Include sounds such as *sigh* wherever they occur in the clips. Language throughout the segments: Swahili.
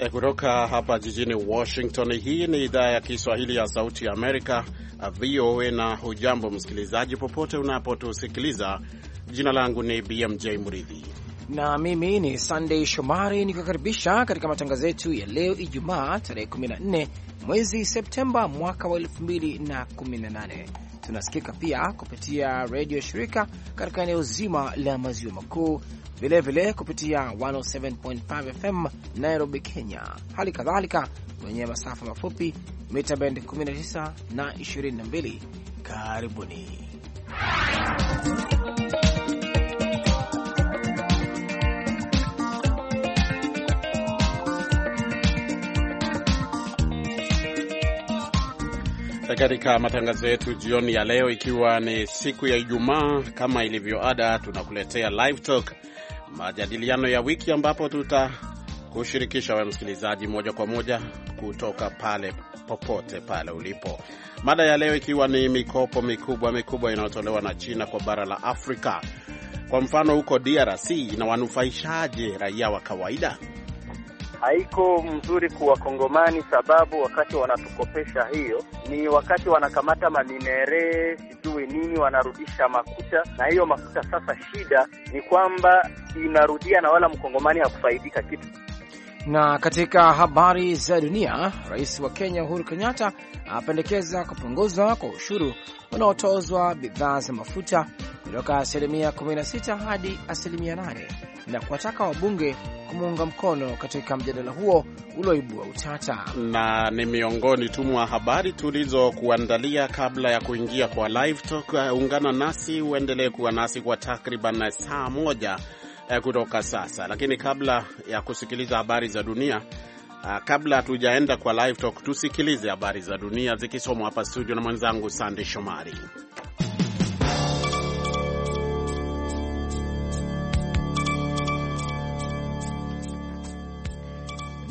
E, kutoka hapa jijini Washington. Hii ni idhaa ya Kiswahili ya Sauti ya Amerika, VOA, na hujambo msikilizaji popote unapotusikiliza. Jina langu ni BMJ Mridhi na mimi ni Sandey Shomari nikukaribisha katika matangazo yetu ya leo Ijumaa tarehe 14 mwezi Septemba mwaka wa 2018. Tunasikika pia kupitia redio shirika katika eneo zima la maziwa makuu vilevile kupitia 107.5 FM Nairobi, Kenya, hali kadhalika kwenye masafa mafupi mita bendi 19 na 22. Karibuni. Katika matangazo yetu jioni ya leo, ikiwa ni siku ya Ijumaa, kama ilivyo ada, tunakuletea live talk majadiliano ya wiki, ambapo tutakushirikisha wewe msikilizaji moja kwa moja kutoka pale popote pale ulipo. Mada ya leo ikiwa ni mikopo mikubwa mikubwa inayotolewa na China kwa bara la Afrika. Kwa mfano, huko DRC inawanufaishaje raia wa kawaida? haiko mzuri kuwakongomani sababu wakati wanatukopesha hiyo ni wakati wanakamata maminere sijui nini, wanarudisha makuta, na hiyo makuta sasa, shida ni kwamba inarudia na wala mkongomani hakufaidika kitu. Na katika habari za dunia, rais wa Kenya Uhuru Kenyatta anapendekeza kupunguzwa kwa ushuru unaotozwa bidhaa za mafuta kutoka asilimia 16 hadi asilimia 8 na kuwataka wabunge kumuunga mkono katika mjadala huo ulioibua utata. Na ni miongoni tu mwa habari tulizokuandalia kabla ya kuingia kwa live talk. Eh, ungana nasi uendelee kuwa nasi kwa takriban saa moja eh, kutoka sasa, lakini kabla ya kusikiliza habari za dunia Uh, kabla hatujaenda kwa live talk tusikilize habari za dunia zikisomwa hapa studio na mwenzangu Sande Shomari.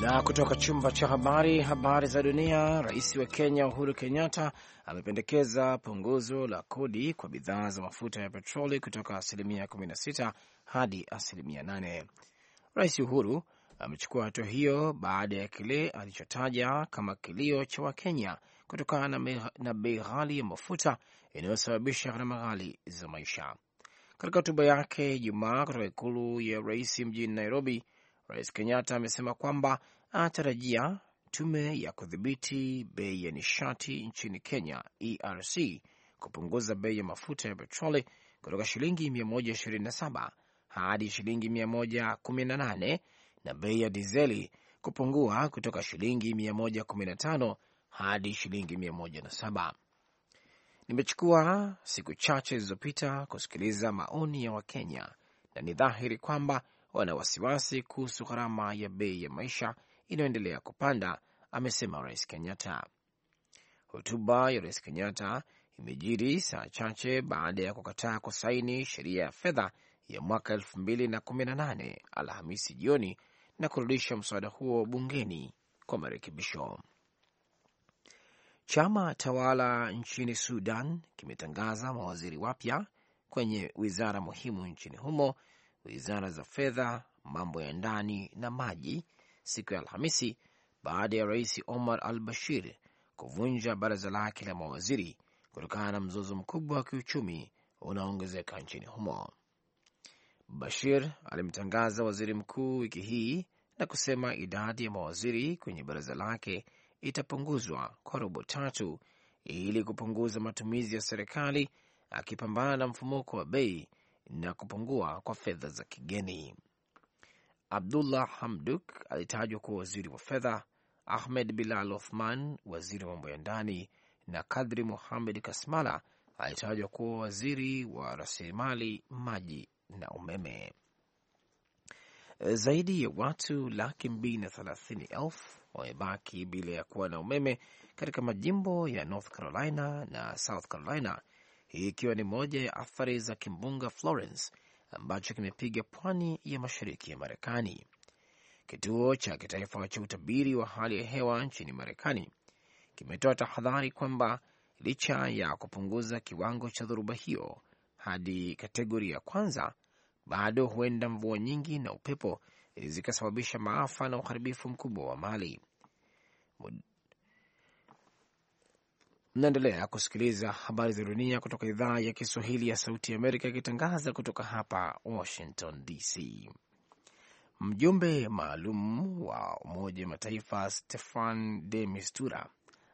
Na kutoka chumba cha habari, habari za dunia. Rais wa Kenya Uhuru Kenyatta amependekeza punguzo la kodi kwa bidhaa za mafuta ya petroli kutoka asilimia 16 hadi asilimia 8. Rais Uhuru amechukua hatua hiyo baada ya kile alichotaja kama kilio cha Wakenya kutokana na bei ghali ya mafuta inayosababisha gharama ghali za maisha. Katika hotuba yake Ijumaa kutoka ikulu ya rais mjini Nairobi, Rais Kenyatta amesema kwamba anatarajia tume ya kudhibiti bei ya nishati nchini Kenya, ERC, kupunguza bei ya mafuta ya petroli kutoka shilingi 127 hadi shilingi 118 na bei ya dizeli kupungua kutoka shilingi 115 hadi shilingi 107. Nimechukua siku chache zilizopita kusikiliza maoni ya Wakenya na ni dhahiri kwamba wana wasiwasi kuhusu gharama ya bei ya maisha inayoendelea kupanda, amesema Rais Kenyatta. Hotuba ya Rais Kenyatta imejiri saa chache baada ya kukataa kusaini sheria ya fedha ya mwaka 2018 Alhamisi jioni na kurudisha mswada huo bungeni kwa marekebisho. Chama tawala nchini Sudan kimetangaza mawaziri wapya kwenye wizara muhimu nchini humo, wizara za fedha, mambo ya ndani na maji, siku ya Alhamisi baada ya rais Omar al Bashir kuvunja baraza lake la mawaziri kutokana na mzozo mkubwa wa kiuchumi unaoongezeka nchini humo. Bashir alimtangaza waziri mkuu wiki hii na kusema idadi ya mawaziri kwenye baraza lake itapunguzwa kwa robo tatu ili kupunguza matumizi ya serikali, akipambana na mfumuko wa bei na kupungua kwa fedha za kigeni. Abdullah Hamduk alitajwa kuwa waziri wa fedha, Ahmed Bilal Othman waziri wa mambo ya ndani, na Kadri Muhamed Kasmala alitajwa kuwa waziri wa rasilimali maji na umeme. Zaidi ya watu laki mbili na thelathini elfu wamebaki bila ya kuwa na umeme katika majimbo ya North Carolina na South Carolina, hii ikiwa ni moja ya athari za kimbunga Florence ambacho kimepiga pwani ya mashariki ya Marekani. Kituo cha kitaifa cha utabiri wa hali ya hewa nchini Marekani kimetoa tahadhari kwamba licha ya kupunguza kiwango cha dhoruba hiyo hadi kategori ya kwanza, bado huenda mvua nyingi na upepo zikasababisha maafa na uharibifu mkubwa wa mali. Mnaendelea kusikiliza habari za dunia kutoka idhaa ya Kiswahili ya Sauti Amerika ikitangaza kutoka hapa Washington DC. Mjumbe maalum wa Umoja wa Mataifa Stefan de Mistura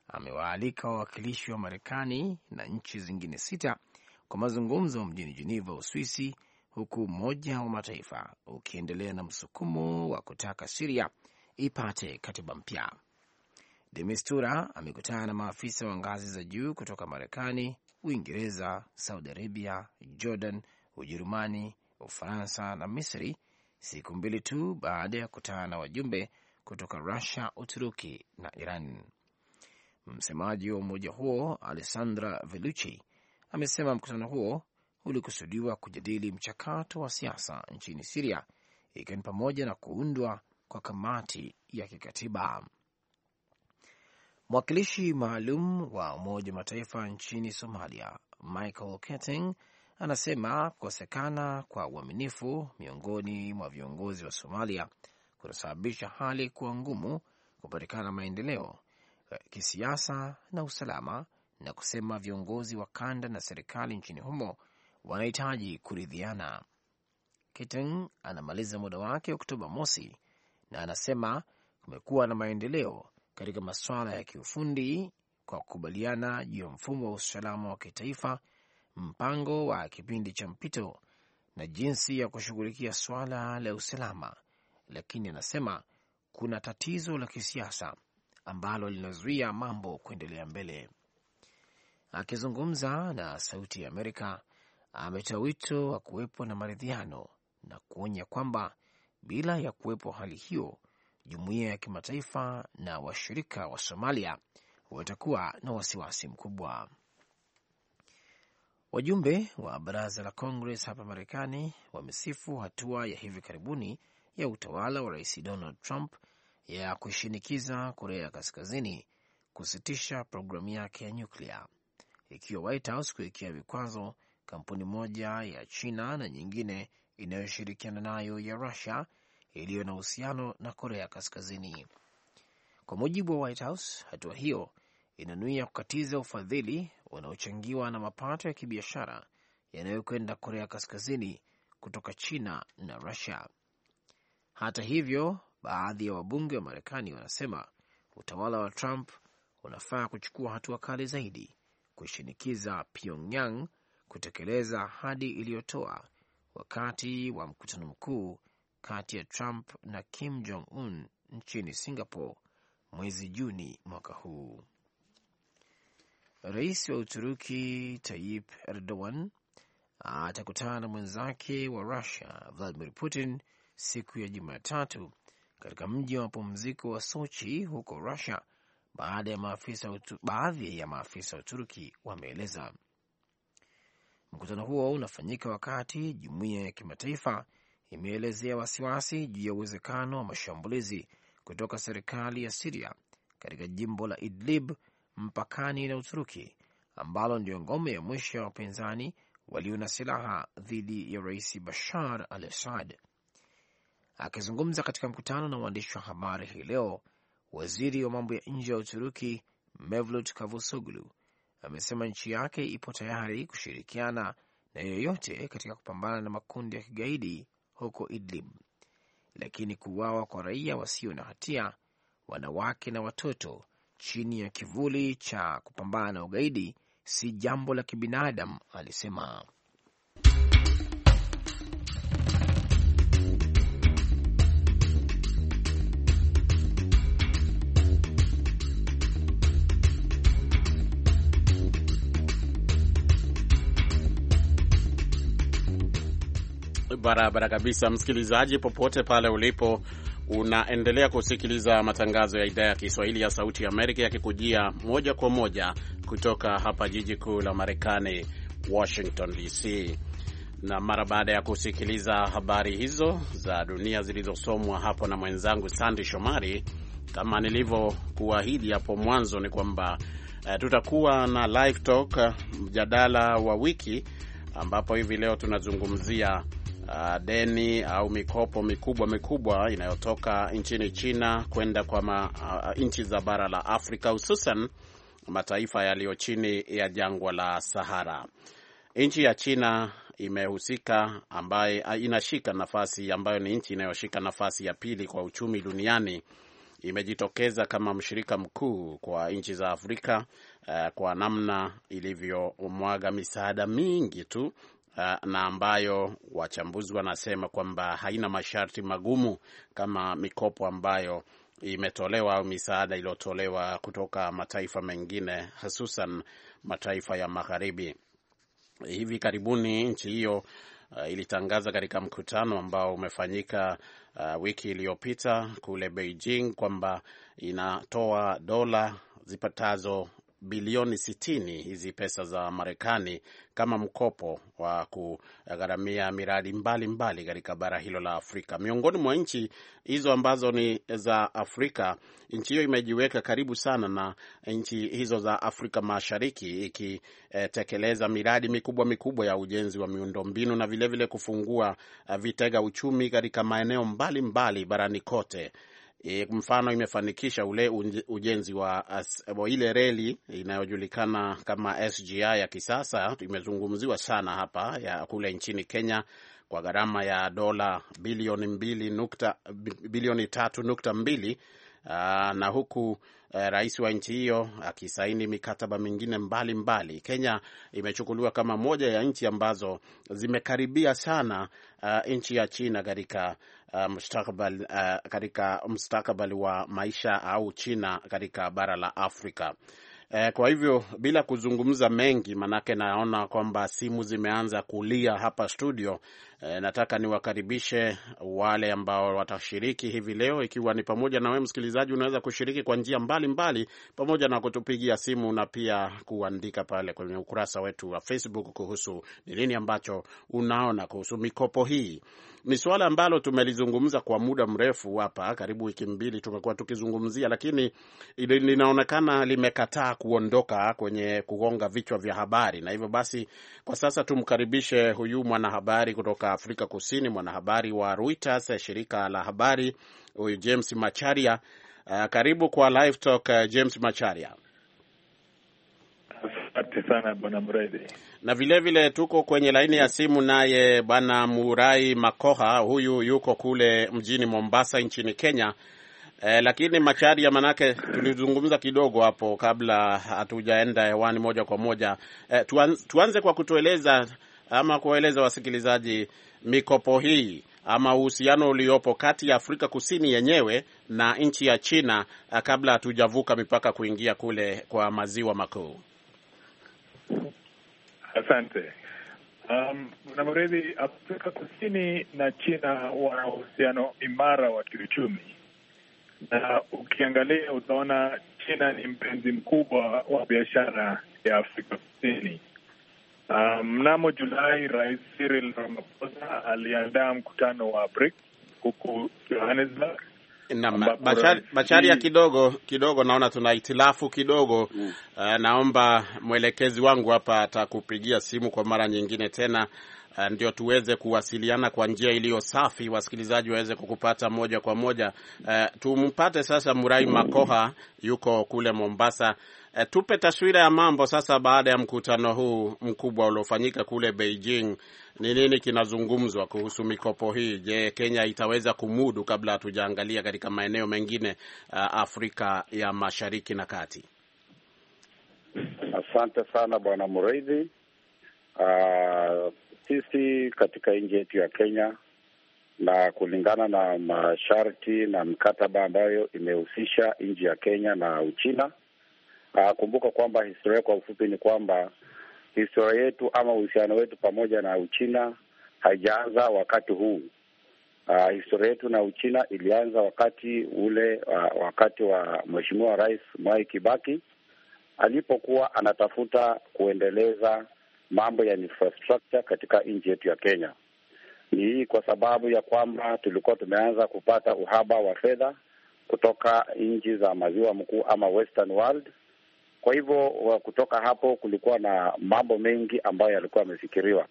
amewaalika wawakilishi wa Marekani na nchi zingine sita kwa mazungumzo mjini Jeneva, Uswisi, huku Umoja wa Mataifa ukiendelea na msukumo wa kutaka Siria ipate katiba mpya demistura amekutana na maafisa wa ngazi za juu kutoka Marekani, Uingereza, Saudi Arabia, Jordan, Ujerumani, Ufaransa na Misri, siku mbili tu baada ya kutana na wajumbe kutoka Rusia, Uturuki na Iran. Msemaji wa umoja huo Alessandra Velucci amesema mkutano huo ulikusudiwa kujadili mchakato wa siasa nchini Siria, ikiwa ni pamoja na kuundwa kwa kamati ya kikatiba. Mwakilishi maalum wa Umoja wa Mataifa nchini Somalia, Michael Keting, anasema kukosekana kwa uaminifu miongoni mwa viongozi wa Somalia kunasababisha hali kuwa ngumu kupatikana maendeleo kisiasa na usalama, na kusema viongozi wa kanda na serikali nchini humo wanahitaji kuridhiana. Keting anamaliza muda wake Oktoba mosi na anasema kumekuwa na maendeleo katika masuala ya kiufundi kwa kukubaliana juu ya mfumo wa usalama wa kitaifa, mpango wa kipindi cha mpito na jinsi ya kushughulikia suala la usalama, lakini anasema kuna tatizo la kisiasa ambalo linazuia mambo kuendelea mbele. Akizungumza na Sauti ya Amerika, ametoa wito wa kuwepo na maridhiano na kuonya kwamba bila ya kuwepo hali hiyo jumuiya ya kimataifa na washirika wa Somalia watakuwa na wasiwasi mkubwa. Wajumbe wa baraza la Congress hapa Marekani wamesifu hatua ya hivi karibuni ya utawala wa rais Donald Trump ya kushinikiza Korea Kaskazini kusitisha programu yake ya nyuklia, ikiwa White House kuwekea vikwazo kampuni moja ya China na nyingine inayoshirikiana nayo ya Rusia iliyo na uhusiano na Korea Kaskazini. Kwa mujibu wa White House, hatua hiyo inanuia kukatiza ufadhili unaochangiwa na mapato ya kibiashara yanayokwenda Korea Kaskazini kutoka China na Rusia. Hata hivyo, baadhi ya wabunge wa Marekani wanasema utawala wa Trump unafaa kuchukua hatua kali zaidi kushinikiza Pyongyang kutekeleza ahadi iliyotoa wakati wa mkutano mkuu kati ya Trump na Kim Jong Un nchini Singapore mwezi Juni mwaka huu. Rais wa Uturuki Tayyip Erdogan atakutana na mwenzake wa Russia Vladimir Putin siku ya Jumatatu katika mji wa mapumziko wa Sochi huko Russia, baadhi ya maafisa wa Uturuki wameeleza. Mkutano huo unafanyika wakati jumuiya ya kimataifa imeelezea wasiwasi juu ya uwezekano wa mashambulizi kutoka serikali ya Siria katika jimbo la Idlib mpakani na Uturuki, ambalo ndio ngome ya mwisho ya wapinzani walio na silaha dhidi ya Rais Bashar al Assad. Akizungumza katika mkutano na waandishi wa habari hii leo, waziri wa mambo ya nje ya Uturuki Mevlut Kavusoglu amesema nchi yake ipo tayari kushirikiana na yoyote katika kupambana na makundi ya kigaidi huko Idlib, lakini kuuawa kwa raia wasio na hatia, wanawake na watoto, chini ya kivuli cha kupambana na ugaidi si jambo la kibinadamu, alisema. barabara kabisa, msikilizaji, popote pale ulipo unaendelea kusikiliza matangazo ya idhaa ya Kiswahili ya Sauti ya Amerika yakikujia moja kwa moja kutoka hapa jiji kuu la Marekani, Washington DC. Na mara baada ya kusikiliza habari hizo za dunia zilizosomwa hapo na mwenzangu Sandi Shomari, kama nilivyokuahidi hapo mwanzo, ni kwamba eh, tutakuwa na live talk, mjadala wa wiki, ambapo hivi leo tunazungumzia uh, deni au mikopo mikubwa mikubwa inayotoka nchini China kwenda kwa uh, nchi za bara la Afrika hususan mataifa yaliyo chini ya jangwa la Sahara. Nchi ya China imehusika ambaye inashika nafasi ambayo ni nchi inayoshika nafasi ya pili kwa uchumi duniani imejitokeza kama mshirika mkuu kwa nchi za Afrika uh, kwa namna ilivyomwaga misaada mingi tu na ambayo wachambuzi wanasema kwamba haina masharti magumu kama mikopo ambayo imetolewa au misaada iliyotolewa kutoka mataifa mengine hususan mataifa ya magharibi. Hivi karibuni nchi hiyo uh, ilitangaza katika mkutano ambao umefanyika uh, wiki iliyopita kule Beijing kwamba inatoa dola zipatazo bilioni 60 hizi pesa za Marekani kama mkopo wa kugharamia miradi mbalimbali katika bara hilo la Afrika. Miongoni mwa nchi hizo ambazo ni za Afrika, nchi hiyo imejiweka karibu sana na nchi hizo za Afrika Mashariki, ikitekeleza miradi mikubwa mikubwa ya ujenzi wa miundombinu na vilevile vile kufungua eh, vitega uchumi katika maeneo mbalimbali mbali barani kote. E, mfano imefanikisha ule ujenzi wa ile reli inayojulikana kama SGR ya kisasa, imezungumziwa sana hapa ya kule nchini Kenya kwa gharama ya dola bilioni mbili nukta, bilioni tatu nukta mbili aa, na huku eh, rais wa nchi hiyo akisaini mikataba mingine mbalimbali mbali. Kenya imechukuliwa kama moja ya nchi ambazo zimekaribia sana uh, nchi ya China katika uh, mustakabali uh, katika mustakabali wa maisha au China katika bara la Afrika. Eh, kwa hivyo bila kuzungumza mengi, manake naona kwamba simu zimeanza kulia hapa studio, E, nataka niwakaribishe wale ambao watashiriki hivi leo, ikiwa ni pamoja na wewe msikilizaji, unaweza kushiriki kwa njia mbalimbali, pamoja na kutupigia simu na pia kuandika pale kwenye ukurasa wetu wa Facebook kuhusu ni nini ambacho unaona kuhusu mikopo hii. Ni suala ambalo tumelizungumza kwa muda mrefu hapa, karibu wiki mbili tumekuwa tukizungumzia, lakini linaonekana limekataa kuondoka kwenye kugonga vichwa vya habari, na hivyo basi kwa sasa tumkaribishe huyu mwanahabari kutoka Afrika Kusini, mwanahabari wa Reuters shirika la habari huyu James Macharia. Uh, karibu kwa Live Talk uh, James Macharia. Asante sana bwana Mredi, na vilevile vile tuko kwenye laini ya simu naye bwana Murai Makoha, huyu yuko kule mjini Mombasa nchini Kenya. Eh, lakini Macharia, manake tulizungumza kidogo hapo kabla hatujaenda hewani moja kwa moja. Eh, tuanze kwa kutueleza ama kuwaeleza wasikilizaji mikopo hii ama uhusiano uliopo kati ya Afrika Kusini yenyewe na nchi ya China eh, kabla hatujavuka mipaka kuingia kule kwa maziwa makuu? Asante. Um, namredi Afrika Kusini na China wana uhusiano imara wa kiuchumi, na ukiangalia utaona China ni mpenzi mkubwa wa biashara ya Afrika Kusini Uh, mnamo Julai Rais Cyril Ramaphosa aliandaa mkutano wa BRICS huku Johannesburg. Naam, ya kidogo kidogo, naona tuna itilafu kidogo mm. Uh, naomba mwelekezi wangu hapa atakupigia simu kwa mara nyingine tena uh, ndio tuweze kuwasiliana kwa njia iliyo safi, wasikilizaji waweze kukupata moja kwa moja. Uh, tumpate sasa Murai Makoha, yuko kule Mombasa. E, tupe taswira ya mambo sasa baada ya mkutano huu mkubwa uliofanyika kule Beijing. Ni nini kinazungumzwa kuhusu mikopo hii? Je, Kenya itaweza kumudu, kabla hatujaangalia katika maeneo mengine eh, Afrika ya Mashariki na Kati? Asante sana Bwana Mreidhi. Uh, ah, sisi katika nchi yetu ya Kenya na kulingana na masharti na mkataba ambayo imehusisha nchi ya Kenya na Uchina Uh, kumbuka kwamba historia kwa ufupi ni kwamba historia yetu ama uhusiano wetu pamoja na Uchina haijaanza wakati huu. Uh, historia yetu na Uchina ilianza wakati ule uh, wakati wa Mheshimiwa Rais Mwai Kibaki alipokuwa anatafuta kuendeleza mambo ya infrastructure katika nchi yetu ya Kenya. Ni hii kwa sababu ya kwamba tulikuwa tumeanza kupata uhaba wa fedha kutoka nchi za maziwa mkuu ama Western World kwa hivyo kutoka hapo kulikuwa na mambo mengi ambayo yalikuwa yamefikiriwa,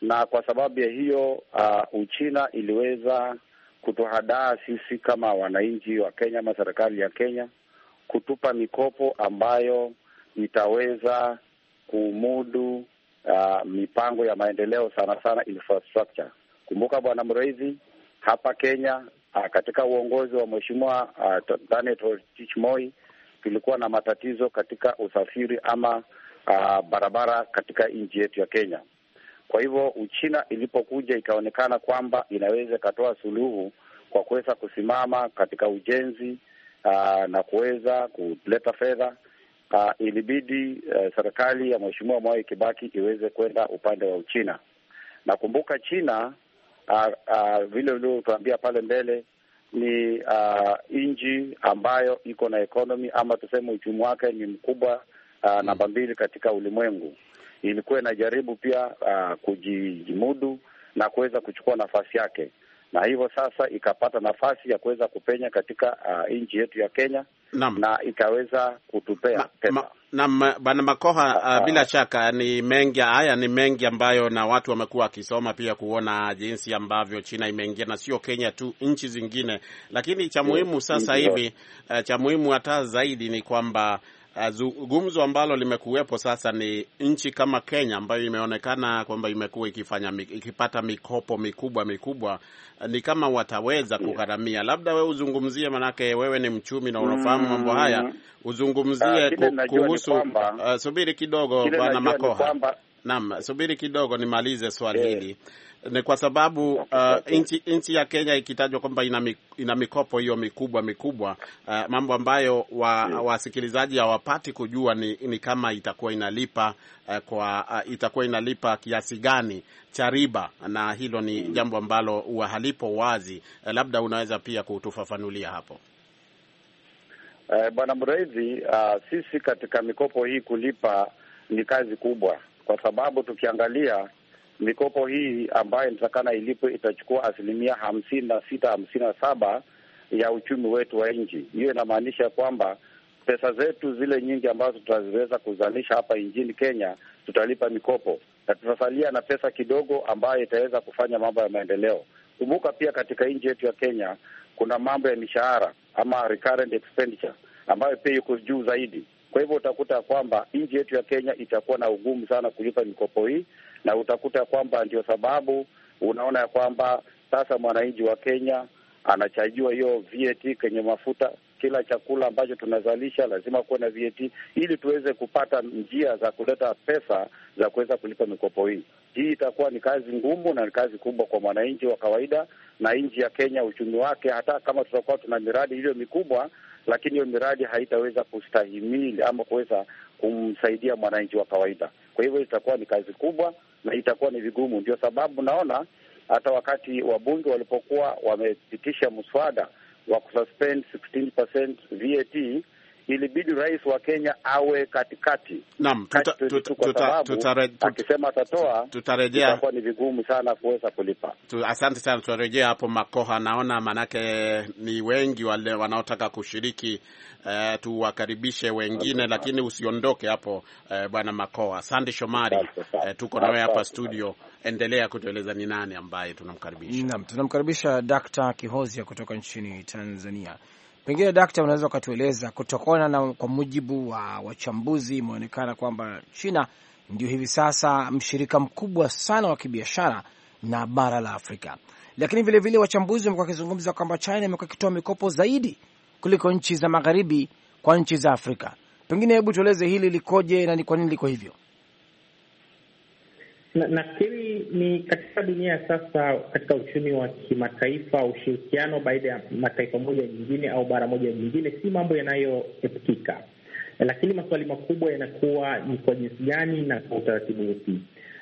na kwa sababu ya hiyo uh, Uchina iliweza kutuhadaa sisi kama wananchi wa Kenya ama serikali ya Kenya kutupa mikopo ambayo itaweza kumudu uh, mipango ya maendeleo sana sana infrastructure. Kumbuka Bwana mrezi hapa Kenya uh, katika uongozi wa Mheshimiwa uh, Daniel Toroitich Moi tulikuwa na matatizo katika usafiri ama aa, ah, barabara katika nchi yetu ya Kenya. Kwa hivyo Uchina ilipokuja ikaonekana kwamba inaweza ikatoa suluhu kwa kuweza kusimama katika ujenzi aa, ah, na kuweza kuleta fedha uh, ilibidi uh, serikali ya Mheshimiwa Mwai Kibaki iweze kwenda upande wa Uchina. Nakumbuka China uh, uh, vile ulivyotuambia pale mbele ni uh, ah, nchi ambayo iko na economy ama tuseme uchumi wake ni mkubwa uh, namba mbili katika ulimwengu. Ilikuwa inajaribu pia uh, ah, kujimudu na kuweza kuchukua nafasi yake, na hivyo sasa ikapata nafasi ya kuweza kupenya katika uh, nchi yetu ya Kenya Nam. na ikaweza kutupea ma, pesa ma, na bana Makoha, uh, ah. bila shaka ni mengi haya, ni mengi ambayo na watu wamekuwa wakisoma pia kuona jinsi ambavyo China imeingia na sio Kenya tu, nchi zingine. Lakini cha muhimu sasa hivi, uh, cha muhimu hata zaidi ni kwamba Ah, gumzo ambalo limekuwepo sasa ni nchi kama Kenya ambayo imeonekana kwamba imekuwa ikifanya ikipata mikopo mikubwa mikubwa, ah, ni kama wataweza kugharamia. Labda wewe uzungumzie, manake wewe ni mchumi na unafahamu mm. mambo haya, uzungumzie ah, kuhusu uh, subiri kidogo bwana Makoha. Naam, subiri kidogo nimalize swali eh. hili ni kwa sababu uh, nchi ya Kenya ikitajwa kwamba ina mikopo hiyo mikubwa mikubwa, uh, mambo ambayo wa, mm. wasikilizaji hawapati kujua ni, ni kama itakuwa inalipa uh, kwa uh, itakuwa inalipa kiasi gani cha riba, na hilo ni mm. jambo ambalo huwa halipo wazi. Uh, labda unaweza pia kutufafanulia hapo. Uh, Bwana Mrezi, uh, sisi katika mikopo hii kulipa ni kazi kubwa, kwa sababu tukiangalia mikopo hii ambayo inatakana ilipwe itachukua asilimia hamsini na sita hamsini na saba ya uchumi wetu wa nchi. Hiyo inamaanisha kwamba pesa zetu zile nyingi ambazo tutaziweza kuzalisha hapa nchini Kenya tutalipa mikopo na tutasalia na pesa kidogo ambayo itaweza kufanya mambo ya maendeleo. Kumbuka pia katika nchi yetu ya Kenya kuna mambo ya mishahara ama recurrent expenditure ambayo pia iko juu zaidi. Kwa hivyo utakuta kwamba nchi yetu ya Kenya itakuwa na ugumu sana kulipa mikopo hii, na utakuta kwamba ndio sababu unaona ya kwamba sasa mwananchi wa Kenya anachajiwa hiyo VAT kwenye mafuta. Kila chakula ambacho tunazalisha lazima kuwe na VAT ili tuweze kupata njia za kuleta pesa za kuweza kulipa mikopo hii. Hii itakuwa ni kazi ngumu na ni kazi kubwa kwa mwananchi wa kawaida na nchi ya Kenya, uchumi wake, hata kama tutakuwa tuna miradi iliyo mikubwa, lakini hiyo miradi haitaweza kustahimili ama kuweza kumsaidia mwananchi wa kawaida. Kwa hivyo itakuwa ni kazi kubwa na itakuwa ni vigumu. Ndio sababu naona hata wakati wabunge walipokuwa wamepitisha mswada wa kususpend 16% VAT ilibidi rais wa Kenya awe katikati. Naam, akisema atatoa, tutarejea, itakuwa ni vigumu sana kuweza kulipa. Asante sana, tutarejea hapo Makoha. Naona manake ni wengi wale wanaotaka kushiriki. Uh, tuwakaribishe wengine okay, lakini usiondoke hapo uh, bwana Makoha. sande Shomari, uh, tuko nawe hapa studio, endelea kutueleza ni nani ambaye tunamkaribisha. Naam, tunamkaribisha Dr. Kihozia kutoka nchini Tanzania. Pengine dakta, unaweza ukatueleza kutokana na, kwa mujibu wa wachambuzi, imeonekana kwamba China ndio hivi sasa mshirika mkubwa sana wa kibiashara na bara la Afrika, lakini vilevile wachambuzi wamekuwa wakizungumza kwamba China imekuwa ikitoa mikopo zaidi kuliko nchi za magharibi kwa nchi za Afrika. Pengine hebu tueleze hili likoje na ni kwa nini liko hivyo? Nafikiri na ni katika dunia ya sasa, katika uchumi wa kimataifa, ushirikiano baina ya mataifa moja nyingine au bara moja nyingine si mambo yanayoepukika, lakini maswali makubwa yanakuwa ni kwa jinsi gani na kwa utaratibu upi.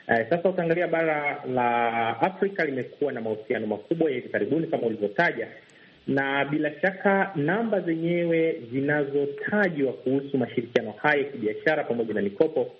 Eh, sasa utaangalia bara la Afrika limekuwa na mahusiano makubwa ya hivi karibuni kama ulivyotaja, na bila shaka namba zenyewe zinazotajwa kuhusu mashirikiano haya ya kibiashara pamoja na mikopo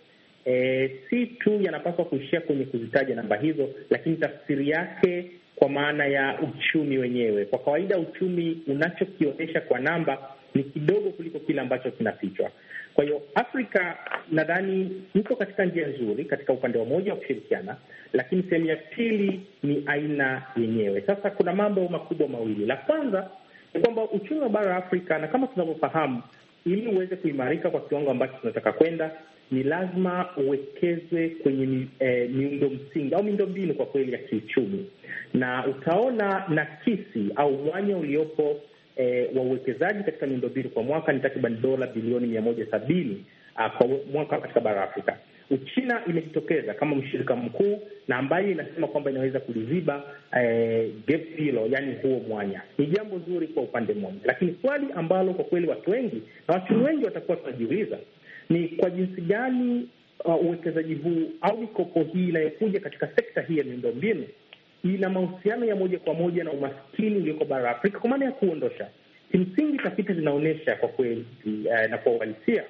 e, si tu yanapaswa kuishia kwenye kuzitaja namba hizo, lakini tafsiri yake kwa maana ya uchumi wenyewe. Kwa kawaida uchumi unachokionyesha kwa namba ni kidogo kuliko kile ambacho kinafichwa. Kwa hiyo Afrika nadhani iko katika njia nzuri katika upande wa moja wa kushirikiana, lakini sehemu ya pili ni aina yenyewe. Sasa kuna mambo makubwa mawili. La kwanza ni kwamba uchumi wa bara la Afrika, na kama tunavyofahamu, ili uweze kuimarika kwa kiwango ambacho tunataka kwenda, ni lazima uwekezwe kwenye eh, miundo msingi au miundo mbinu kwa kweli ya kiuchumi, na utaona nakisi au mwanya uliopo eh, wa uwekezaji katika miundo mbinu kwa mwaka ni takriban dola bilioni mia moja sabini uh, kwa mwaka katika bara Afrika. Uchina imejitokeza kama mshirika mkuu na ambaye inasema kwamba inaweza kuliziba eh, gap hilo, yani huo mwanya. Ni jambo zuri kwa upande mmoja, lakini swali ambalo kwa kweli watu wengi na wachumi wengi watakuwa tunajiuliza ni kwa jinsi gani uh, uwekezaji uh, huu au mikopo hii inayokuja katika sekta hii ya miundombinu ina mahusiano ya moja kwa moja na umaskini ulioko bara la Afrika kwa maana ya kuondosha. Kimsingi, tafiti zinaonyesha kwa kweli uh, na kwa uhalisia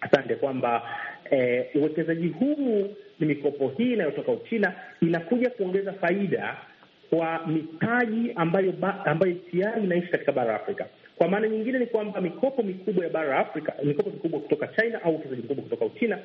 asante, kwamba eh, uwekezaji huu ni mikopo hii inayotoka Uchina inakuja kuongeza faida kwa mitaji ambayo, ambayo tayari inaishi katika bara la Afrika. Kwa maana nyingine ni kwamba mikopo mikubwa ya bara la Afrika, mikopo mikubwa kutoka China au uwekezaji mkubwa kutoka Uchina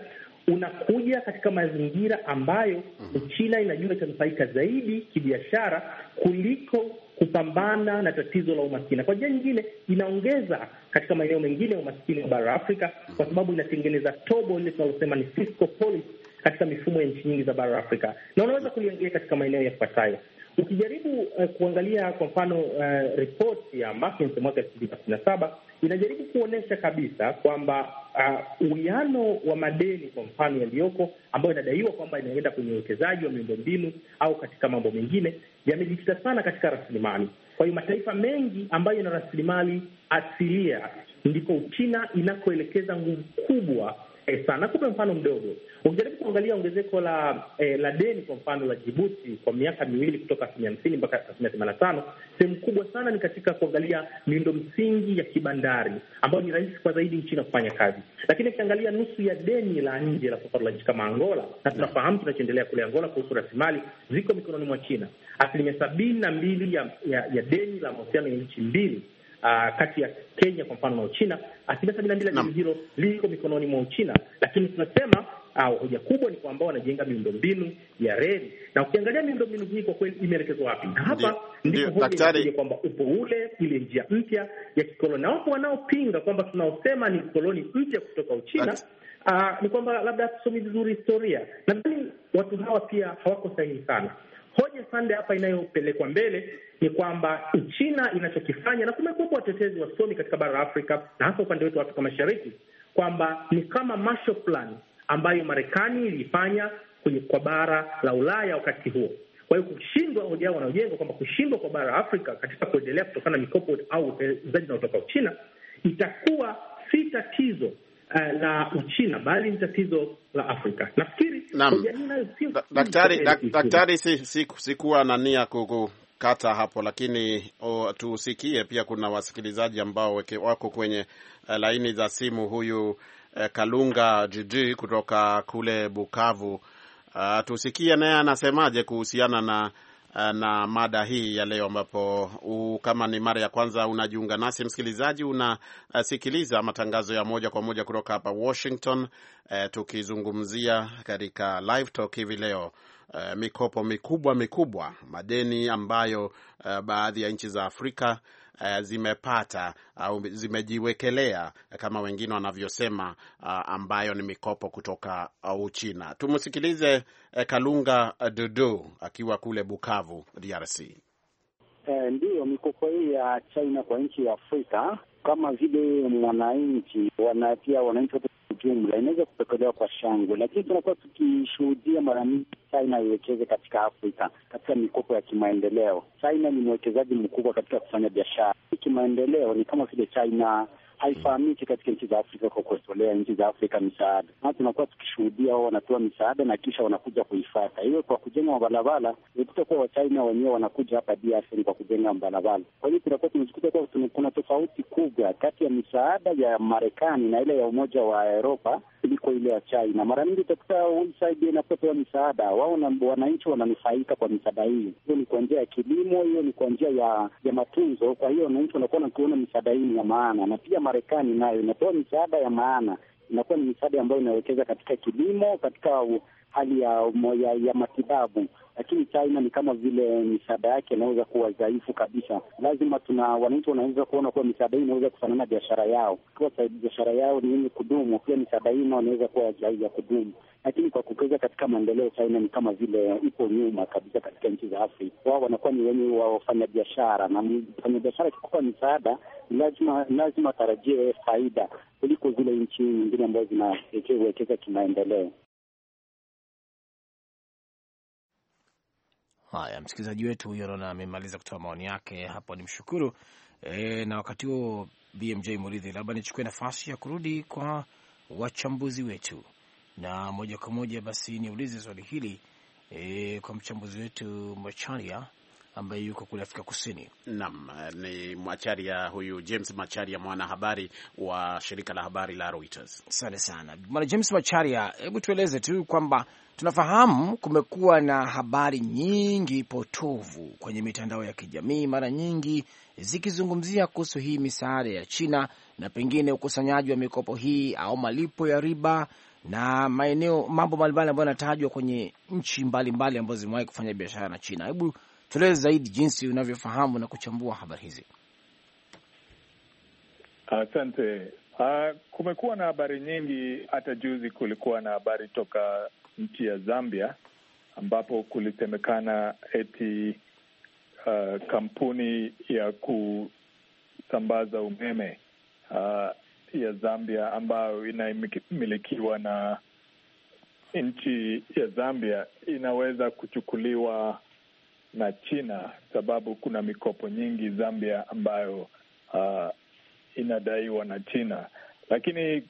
unakuja katika mazingira ambayo mm-hmm. Uchina mm -hmm. inajua itanufaika zaidi kibiashara kuliko kupambana na tatizo la umaskini. Kwa njia nyingine, inaongeza katika maeneo mengine ya umaskini wa bara la Afrika mm-hmm. kwa sababu inatengeneza tobo lile tunalosema ni fiscal policy katika mifumo ya nchi nyingi za bara la Afrika, na unaweza kuliangalia katika maeneo yafuatayo. Ukijaribu uh, kuangalia kwa mfano uh, ripoti ya McKinsey mwaka elfu mbili na kumi na saba inajaribu kuonyesha kabisa kwamba ah, uwiano uh, wa madeni kwa mfano yaliyoko ambayo inadaiwa kwamba inaenda kwenye uwekezaji wa miundombinu au katika mambo mengine yamejikita sana katika rasilimali. Kwa hiyo mataifa mengi ambayo yana rasilimali asilia ndiko Uchina inakoelekeza nguvu kubwa eh, sana. Kupe mfano mdogo, ukijaribu kuangalia ongezeko la eh, la deni kwa mfano la Jibuti kwa miaka miwili kutoka asilimia hamsini mpaka asilimia themanini na tano sehemu kubwa sana ni katika kuangalia miundo msingi ya kibandari ambayo ni rahisi kwa zaidi nchini kufanya kazi, lakini ukiangalia nusu ya deni la nje la safari la nchi kama Angola, na tunafahamu kinachoendelea kule Angola kuhusu rasilimali ziko mikononi mwa China. Asilimia sabini na mbili ya, ya, ya deni la mahusiano ya nchi mbili uh, kati ya Kenya kwa mfano na Uchina, asilimia sabini na mbili liko mikononi mwa Uchina, lakini tunasema au ah, hoja kubwa ni kwamba wanajenga miundombinu ya reli, na ukiangalia miundombinu hii kwa kweli imeelekezwa wapi? Na hapa ndio daktari, kwamba upo ule ile njia mpya ya kikoloni, na wapo wanaopinga kwamba tunaosema ni koloni mpya kutoka Uchina uh, ni kwamba labda hatusomi vizuri historia. Nadhani watu hawa pia hawako sahihi sana. Hoja sande hapa inayopelekwa mbele ni kwamba china inachokifanya, na kumekuwepo watetezi wasomi katika bara la Afrika na hasa upande wetu wa Afrika Mashariki, kwamba ni kama Marshall Plan ambayo Marekani ilifanya kwa bara la Ulaya wakati huo. Kwa hiyo kushindwa, hoja yao wanaojengwa kwamba kushindwa kwa bara la Afrika katika kuendelea kutokana na mikopo au uwekezaji unaotoka Uchina itakuwa si tatizo na eh, Uchina, bali ni tatizo la Afrika. Nafikiri daktari, daktari, sikuwa na nia kata hapo, lakini oh, tusikie pia, kuna wasikilizaji ambao weke, wako kwenye eh, laini za simu. Huyu eh, Kalunga jj kutoka kule Bukavu, uh, tusikie naye anasemaje kuhusiana na Eh, na mada hii ya leo, ambapo kama ni mara ya kwanza unajiunga nasi msikilizaji, unasikiliza matangazo ya moja kwa moja kutoka hapa Washington, e, tukizungumzia katika live talk hivi leo e, mikopo mikubwa mikubwa, madeni ambayo e, baadhi ya nchi za Afrika uh, zimepata au uh, zimejiwekelea eh, kama wengine wanavyosema, uh, ambayo ni mikopo kutoka Uchina. Tumsikilize uh, Kalunga Dudu akiwa kule Bukavu, DRC. Eh, ndiyo mikopo hii ya China kwa nchi ya Afrika kama vile mwananchi wanatia wananchi wote ujumla inaweza kupokelewa kwa shangwe, lakini tunakuwa tukishuhudia mara mingi China iwekeze katika Afrika katika mikopo ya kimaendeleo. China ni mwekezaji mkubwa katika kufanya biashara kimaendeleo, ni kama vile China haifahamiki katika nchi za Afrika kwa kuwatolea nchi za Afrika misaada. Na tunakuwa tukishuhudia wao wanatoa misaada na kisha wanakuja kuifata, hiyo kwa kujenga mabarabara. Unakuta kuwa Wachina wenyewe wanakuja hapa DRC kwa kujenga mabarabara. Kwa hiyo tunakuwa tunajikuta kuwa kuna tofauti kubwa kati ya misaada ya Marekani na ile ya Umoja wa Europa kuliko ile ya China. mara nyingi utakuta USAID inapotoa misaada wao wananchi wananufaika kwa misaada hii. Hiyo ni kwa njia ya kilimo, hiyo ni kwa njia ya ya matunzo. Kwa hiyo wananchi wanakuwa nakiona misaada hii ni ya maana, na pia Marekani nayo inatoa misaada ya maana, inakuwa ni misaada ambayo inawekeza katika kilimo, katika hali ya, ya, ya matibabu lakini China ni kama vile misaada yake inaweza kuwa dhaifu kabisa. Lazima tuna wananchi wanaweza kuona kuwa misaada hii inaweza kufanana na biashara yao, kiwa biashara yao ni yenye kudumu, pia misaada hii nao inaweza kuwa zaidi ya kudumu lakini kwa kukeza katika maendeleo China ni kama vile ipo nyuma kabisa katika nchi za Afrika. Wao wanakuwa ni wenye wafanya biashara, na mfanya biashara akikupa misaada lazima lazima atarajie faida kuliko zile nchi nyingine ambazo zinawekeza kimaendeleo. Haya, msikilizaji wetu huyo naona amemaliza kutoa maoni yake hapo, ni mshukuru e. Na wakati huo BMJ Muridhi, labda nichukue nafasi ya kurudi kwa wachambuzi wetu na moja kwa moja basi niulize swali hili e, kwa mchambuzi wetu Macharia ambaye yuko kule Afrika Kusini. Naam, ni Macharia huyu James Macharia, mwanahabari wa shirika la habari la Reuters. Asante sana Bwana James Macharia, hebu tueleze tu kwamba Tunafahamu kumekuwa na habari nyingi potovu kwenye mitandao ya kijamii, mara nyingi zikizungumzia kuhusu hii misaada ya China na pengine ukusanyaji wa mikopo hii au malipo ya riba na maeneo, mambo mbalimbali ambayo yanatajwa kwenye nchi mbalimbali ambazo zimewahi kufanya biashara na China. Hebu tueleze zaidi jinsi unavyofahamu na kuchambua habari hizi. Asante. Uh, kumekuwa na habari nyingi. Hata juzi kulikuwa na habari toka nchi ya Zambia ambapo kulisemekana eti uh, kampuni ya kusambaza umeme uh, ya Zambia ambayo inamilikiwa na nchi ya Zambia inaweza kuchukuliwa na China sababu kuna mikopo nyingi Zambia ambayo uh, inadaiwa na China, lakini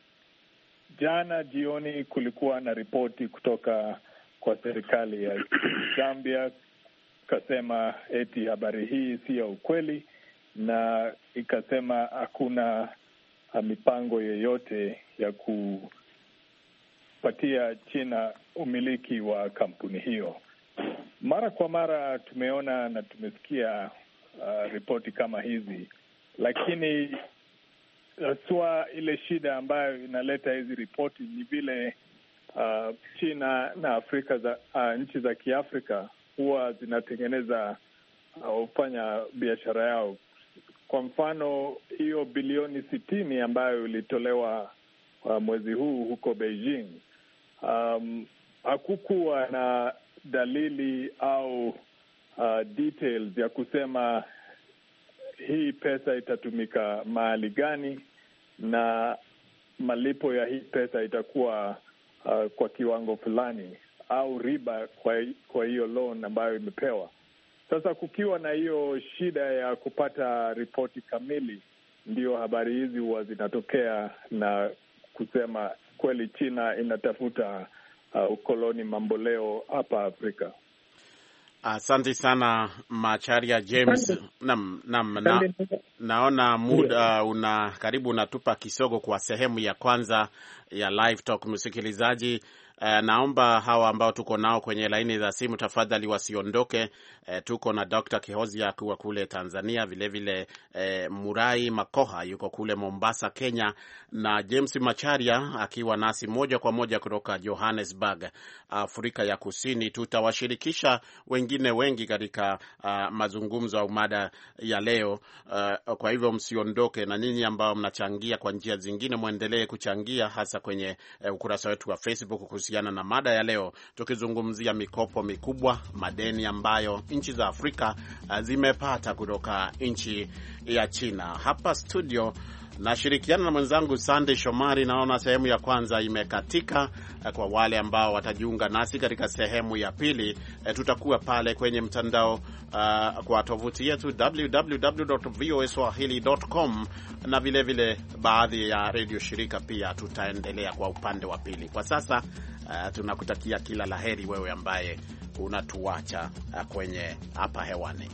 Jana jioni kulikuwa na ripoti kutoka kwa serikali ya Zambia, ikasema eti habari hii si ya ukweli, na ikasema hakuna mipango yeyote ya kupatia China umiliki wa kampuni hiyo. Mara kwa mara tumeona na tumesikia uh, ripoti kama hizi, lakini haswa ile shida ambayo inaleta hizi ripoti ni vile uh, China na Afrika za uh, nchi za Kiafrika huwa zinatengeneza uh, hufanya uh, biashara yao. Kwa mfano hiyo bilioni sitini ambayo ilitolewa uh, mwezi huu huko Beijing, um, hakukuwa na dalili au uh, details ya kusema hii pesa itatumika mahali gani na malipo ya hii pesa itakuwa uh, kwa kiwango fulani au riba kwa, kwa hiyo loan ambayo imepewa. Sasa kukiwa na hiyo shida ya kupata ripoti kamili, ndio habari hizi huwa zinatokea na kusema kweli China inatafuta uh, ukoloni mamboleo hapa Afrika. Asante sana Macharia James. Nam, nam, na, naona muda uh, una karibu unatupa kisogo kwa sehemu ya kwanza ya Live Talk. Msikilizaji E, naomba hawa ambao tuko nao kwenye laini za simu tafadhali wasiondoke. E, tuko na Dr. Kihozi akiwa kule Tanzania, vilevile vile, e, Murai Makoha yuko kule Mombasa, Kenya na James Macharia akiwa nasi moja kwa moja kutoka Johannesburg, Afrika ya Kusini. Tutawashirikisha wengine wengi katika uh, mazungumzo au mada ya leo. Uh, kwa hivyo msiondoke, na nyinyi ambao mnachangia kwa njia zingine mwendelee kuchangia hasa kwenye uh, ukurasa wetu wa Facebook kuhusu kuhusiana na mada ya leo, tukizungumzia mikopo mikubwa, madeni ambayo nchi za Afrika ah, zimepata kutoka nchi ya China. Hapa studio Nashirikiana na mwenzangu Sande Shomari. Naona sehemu ya kwanza imekatika. Eh, kwa wale ambao watajiunga nasi katika sehemu ya pili, eh, tutakuwa pale kwenye mtandao uh, kwa tovuti yetu www.voaswahili.com na vilevile vile baadhi ya redio shirika pia tutaendelea kwa upande wa pili. Kwa sasa uh, tunakutakia kila laheri wewe ambaye unatuacha kwenye hapa hewani.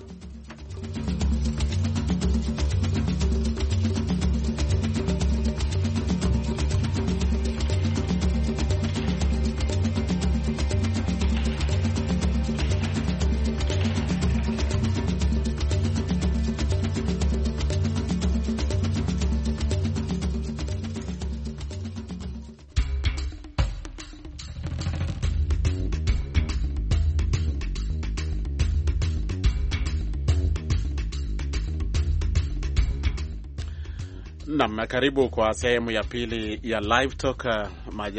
Nam, karibu kwa sehemu ya pili ya Live Talk, uh,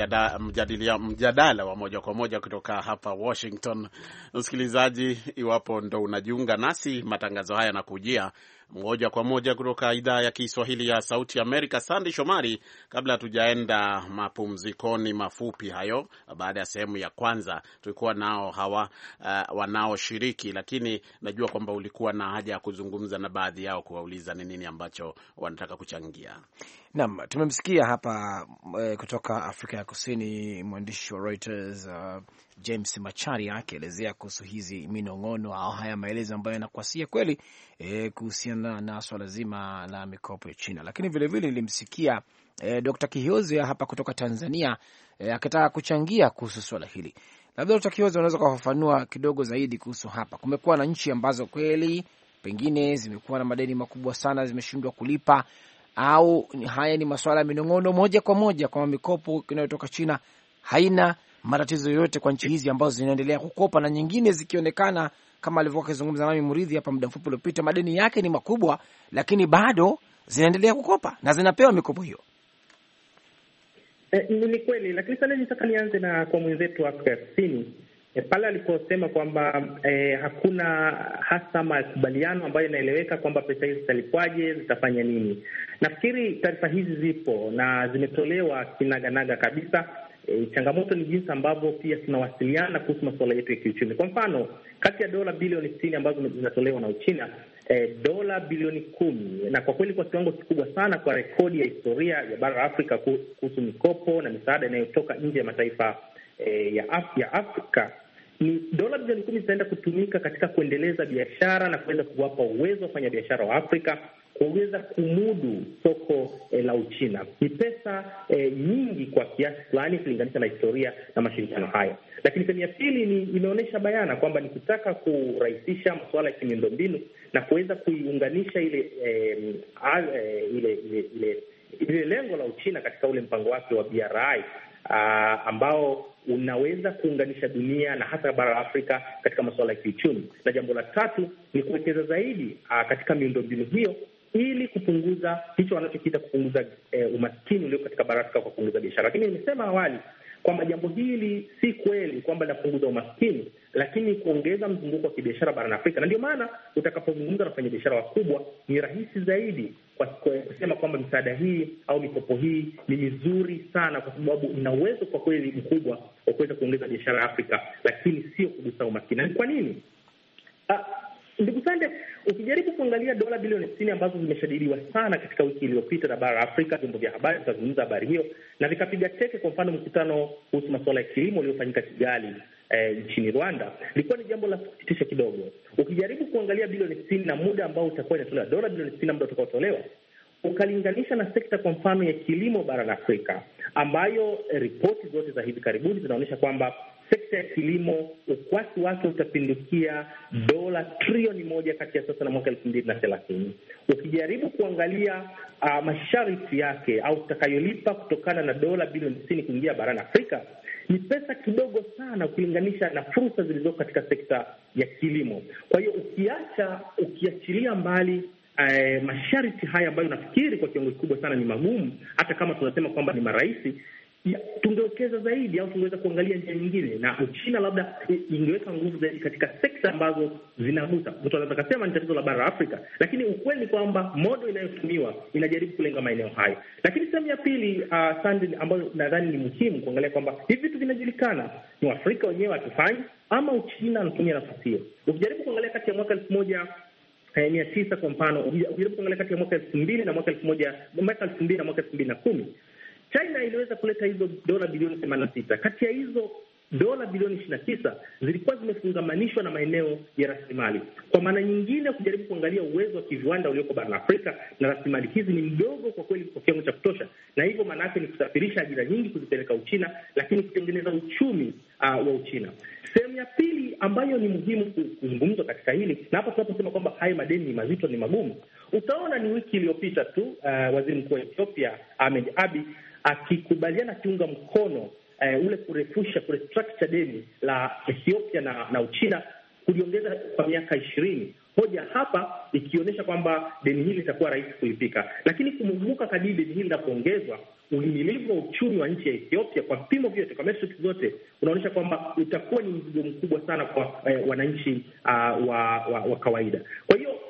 mjadala, mjadala wa moja kwa moja kutoka hapa Washington. Msikilizaji, iwapo ndo unajiunga nasi, matangazo haya yanakujia moja kwa moja kutoka idhaa ya Kiswahili ya Sauti Amerika. Sandi Shomari, kabla hatujaenda mapumzikoni mafupi hayo, baada ya sehemu ya kwanza tulikuwa nao hawa uh, wanaoshiriki, lakini najua kwamba ulikuwa na haja ya kuzungumza na baadhi yao, kuwauliza ni nini ambacho wanataka kuchangia. Naam, tumemsikia hapa e, kutoka Afrika ya Kusini mwandishi wa Reuters uh, James Macharia akielezea kuhusu hizi minong'ono au haya maelezo ambayo yanakuasia kweli eh, kuhusiana na swala zima la mikopo ya China, lakini vilevile nilimsikia eh, Dr. Kihozi hapa kutoka Tanzania eh, akitaka kuchangia kuhusu swala hili. Labda Dr. Kihozi unaweza kufafanua kidogo zaidi kuhusu hapa. Kumekuwa na nchi ambazo kweli pengine zimekuwa na madeni makubwa sana, zimeshindwa kulipa au haya ni masuala ya minong'ono moja kwa moja kwamba mikopo inayotoka China haina matatizo yoyote kwa nchi hizi ambazo zinaendelea kukopa na nyingine zikionekana kama alivyokuwa akizungumza nami Muridhi hapa muda mfupi uliopita, madeni yake ni makubwa, lakini bado zinaendelea kukopa na zinapewa mikopo hiyo. E, ni kweli, lakini sasa nitaka nianze na kwa mwenzetu Afrika Kusini E, pale aliposema kwamba e, hakuna hasa makubaliano ambayo inaeleweka kwamba pesa hizi zitalipwaje, zitafanya nini. Nafikiri taarifa hizi zipo na zimetolewa kinaganaga kabisa. E, changamoto ni jinsi ambavyo pia tunawasiliana kuhusu masuala yetu ya kiuchumi. Kwa mfano, kati ya dola bilioni sitini ambazo zinatolewa na Uchina e, dola bilioni kumi na kwa kweli kwa kiwango kikubwa sana kwa rekodi ya historia ya bara la Afrika kuhusu mikopo na misaada inayotoka nje ya mataifa eh, ya, Af ya Afrika ni dola bilioni kumi zitaenda kutumika katika kuendeleza biashara na kuweza kuwapa uwezo wa fanya biashara wa Afrika kuweza kumudu soko eh, la Uchina. Ni pesa eh, nyingi kwa kiasi fulani kulinganisha na historia na mashirikiano haya. Lakini sehemu ya pili ni imeonyesha bayana kwamba ni kutaka kurahisisha masuala ya mbinu na kuweza kuiunganisha ile eh, ile ile ile lengo la Uchina katika ule mpango wake wa BRI uh, ambao unaweza kuunganisha dunia na hasa bara la Afrika katika masuala ya kiuchumi. Na jambo la tatu ni kuwekeza zaidi uh, katika miundombinu hiyo ili kupunguza hicho wanachokiita kupunguza eh, umaskini ulio katika bara Afrika kwa kupunguza biashara. Lakini nimesema awali kwamba jambo hili si kweli kwamba linapunguza umaskini, lakini kuongeza mzunguko wa kibiashara barani Afrika. Na ndio maana utakapozungumza na wafanyabiashara wakubwa, ni rahisi zaidi kwa kusema kwamba misaada hii au mikopo hii ni mizuri sana, kwa sababu ina uwezo kwa kweli mkubwa wa kuweza kuongeza biashara ya Afrika, lakini sio kugusa umaskini. Na ni kwa nini? Ah, Ndugu Sande, ukijaribu kuangalia dola bilioni sitini ambazo zimeshadiliwa sana katika wiki iliyopita na bara la Afrika, vyombo vya habari vikazungumza habari hiyo na vikapiga teke. Kwa mfano, mkutano kuhusu masuala ya kilimo uliofanyika Kigali eh, nchini eh, Rwanda, ilikuwa ni jambo la kusikitisha kidogo. Ukijaribu kuangalia bilioni sitini na muda ambao utakuwa inatolewa, dola bilioni sitini na muda utakaotolewa ukalinganisha na sekta kwa mfano ya kilimo barani Afrika ambayo eh, ripoti zote za hivi karibuni zinaonyesha kwamba sekta ya kilimo ukwasi wake utapindukia dola trilioni moja kati ya sasa na mwaka elfu mbili na thelathini. Ukijaribu kuangalia uh, masharti yake au utakayolipa kutokana na dola bilioni tisini kuingia barani Afrika ni pesa kidogo sana ukilinganisha na fursa zilizoko katika sekta ya kilimo. Kwa hiyo ukiacha, ukiachilia mbali uh, masharti haya ambayo nafikiri kwa kiwango kikubwa sana ni magumu, hata kama tunasema kwamba ni marahisi tungewekeza zaidi au tungeweza kuangalia njia nyingine, na Uchina labda ingeweka nguvu zaidi katika sekta ambazo zinagusa. Mtu anaweza kasema ni tatizo la bara la Afrika, lakini ukweli ni kwamba modo inayotumiwa inajaribu kulenga maeneo hayo. Lakini sehemu ya pili, uh, Sande, ambayo nadhani ni muhimu kuangalia kwamba hivi vitu vinajulikana, ni Waafrika wenyewe hatufanyi ama Uchina anatumia nafasi hiyo. Ukijaribu kuangalia kati ya mwaka elfu moja eh, mia tisa kwa mfano, ukijaribu kuangalia kati ya mwaka elfu mbili na mwaka elfu moja mwaka elfu mbili na mwaka elfu mbili na kumi China iliweza kuleta hizo dola bilioni themanini na sita. Kati ya hizo dola bilioni ishirini na tisa zilikuwa zimefungamanishwa na maeneo ya rasilimali. Kwa maana nyingine, kujaribu kuangalia uwezo wa kiviwanda ulioko barani Afrika na rasilimali hizi ni mdogo kwa kweli, kwa kiwango cha kutosha, na hivyo maana yake ni kusafirisha ajira nyingi kuzipeleka Uchina, lakini kutengeneza uchumi uh, wa Uchina. Sehemu ya pili ambayo ni muhimu kuzungumzwa katika hili, na hapa tunaposema kwamba haya madeni ni mazito, ni magumu, utaona ni wiki iliyopita tu uh, waziri mkuu wa Ethiopia Ahmed Abi akikubaliana, akiunga mkono eh, ule kurefusha kurestructure deni la Ethiopia na, na Uchina kuliongeza kwa miaka ishirini hoja hapa ikionyesha kwamba deni hili litakuwa rahisi kulipika, lakini kumumbuka kadiri deni hili linapoongezwa, uhimilivu wa uchumi wa nchi ya Ethiopia kwa vipimo vyote, kwa metric zote, unaonyesha kwamba utakuwa ni mzigo mkubwa sana kwa eh, wananchi uh, wa, wa, wa kawaida. Kwa hiyo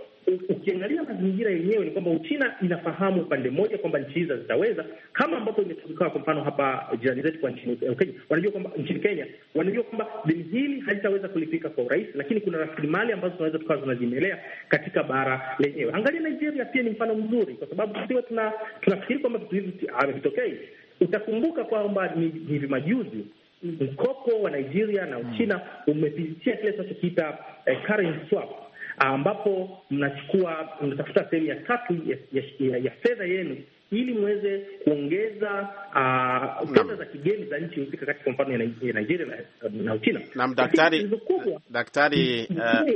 ukiangalia mazingira yenyewe ni kwamba Uchina inafahamu upande mmoja kwamba nchi hizo zitaweza, kama ambapo imetukikaa kwa mfano hapa jirani zetu kwa nchini eh, Kenya, wanajua kwamba nchini Kenya wanajua kwamba deni hili halitaweza kulipika kwa urahisi, lakini kuna rasilimali ambazo tunaweza tukawa zinazimelea katika bara lenyewe. Angalia Nigeria pia ni mfano mzuri, kwa sababu tusiwe tuna tunafikiri kwamba vitu hivi havitokei. Utakumbuka kwamba ni hivi majuzi mkopo wa Nigeria na Uchina umepitia kile tunachokiita eh, currency swap ambapo mnachukua mnatafuta sehemu ya tatu ya, ya, ya, fedha yenu ili mweze kuongeza uh, fedha za kigeni za nchi husika kwa mfano ya Nigeria na, na Uchina. Naam, daktari, eh, daktari uh,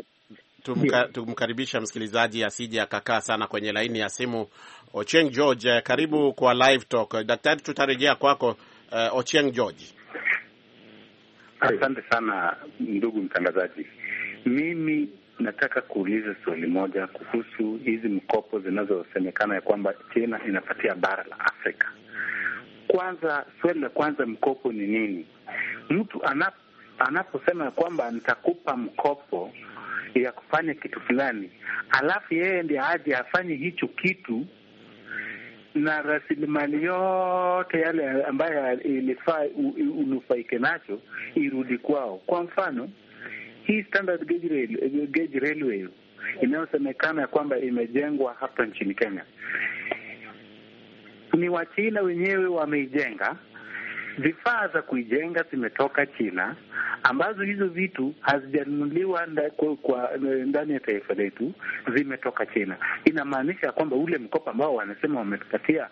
tumka, tumkaribisha msikilizaji asije akakaa sana kwenye laini ya simu. Ocheng George, eh, karibu kwa live talk. Daktari, tutarejea kwako. Uh, Ocheng George, asante sana ndugu mtangazaji. Mimi Nataka kuuliza swali moja kuhusu hizi mkopo zinazosemekana ya kwamba China inapatia bara la Afrika. Kwanza, swali la kwanza, mkopo ni nini? Mtu anap, anaposema ya kwamba nitakupa mkopo ya kufanya kitu fulani, alafu yeye ndiye aje afanye hicho kitu na rasilimali yote yale ambayo ilifaa unufaike nacho irudi kwao. Kwa mfano hii standard gauge rail, gauge railway inayosemekana ya kwamba imejengwa hapa nchini Kenya ni Wachina wenyewe wameijenga. Vifaa za kuijenga zimetoka China, ambazo hizo vitu hazijanunuliwa ndani ya taifa letu, zimetoka China. Inamaanisha kwamba ule mkopo ambao wanasema wametupatia,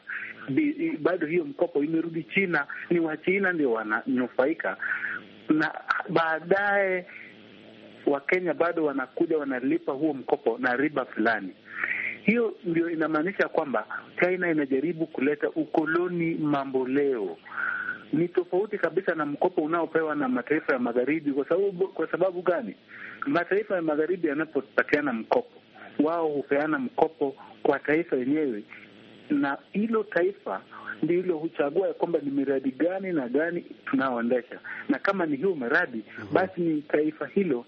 bado hiyo mkopo imerudi China. Ni Wachina ndio wananufaika na baadaye Wakenya bado wanakuja wanalipa huo mkopo na riba fulani. Hiyo ndio inamaanisha kwamba China inajaribu kuleta ukoloni mamboleo. Ni tofauti kabisa na mkopo unaopewa na mataifa ya magharibi. Kwa sababu kwa sababu gani? Mataifa ya magharibi yanapopatiana mkopo, wao hupeana mkopo kwa taifa yenyewe, na hilo taifa ndilo huchagua ya kwamba ni miradi gani na gani tunaoendesha, na kama ni hiyo miradi, mhm. basi ni taifa hilo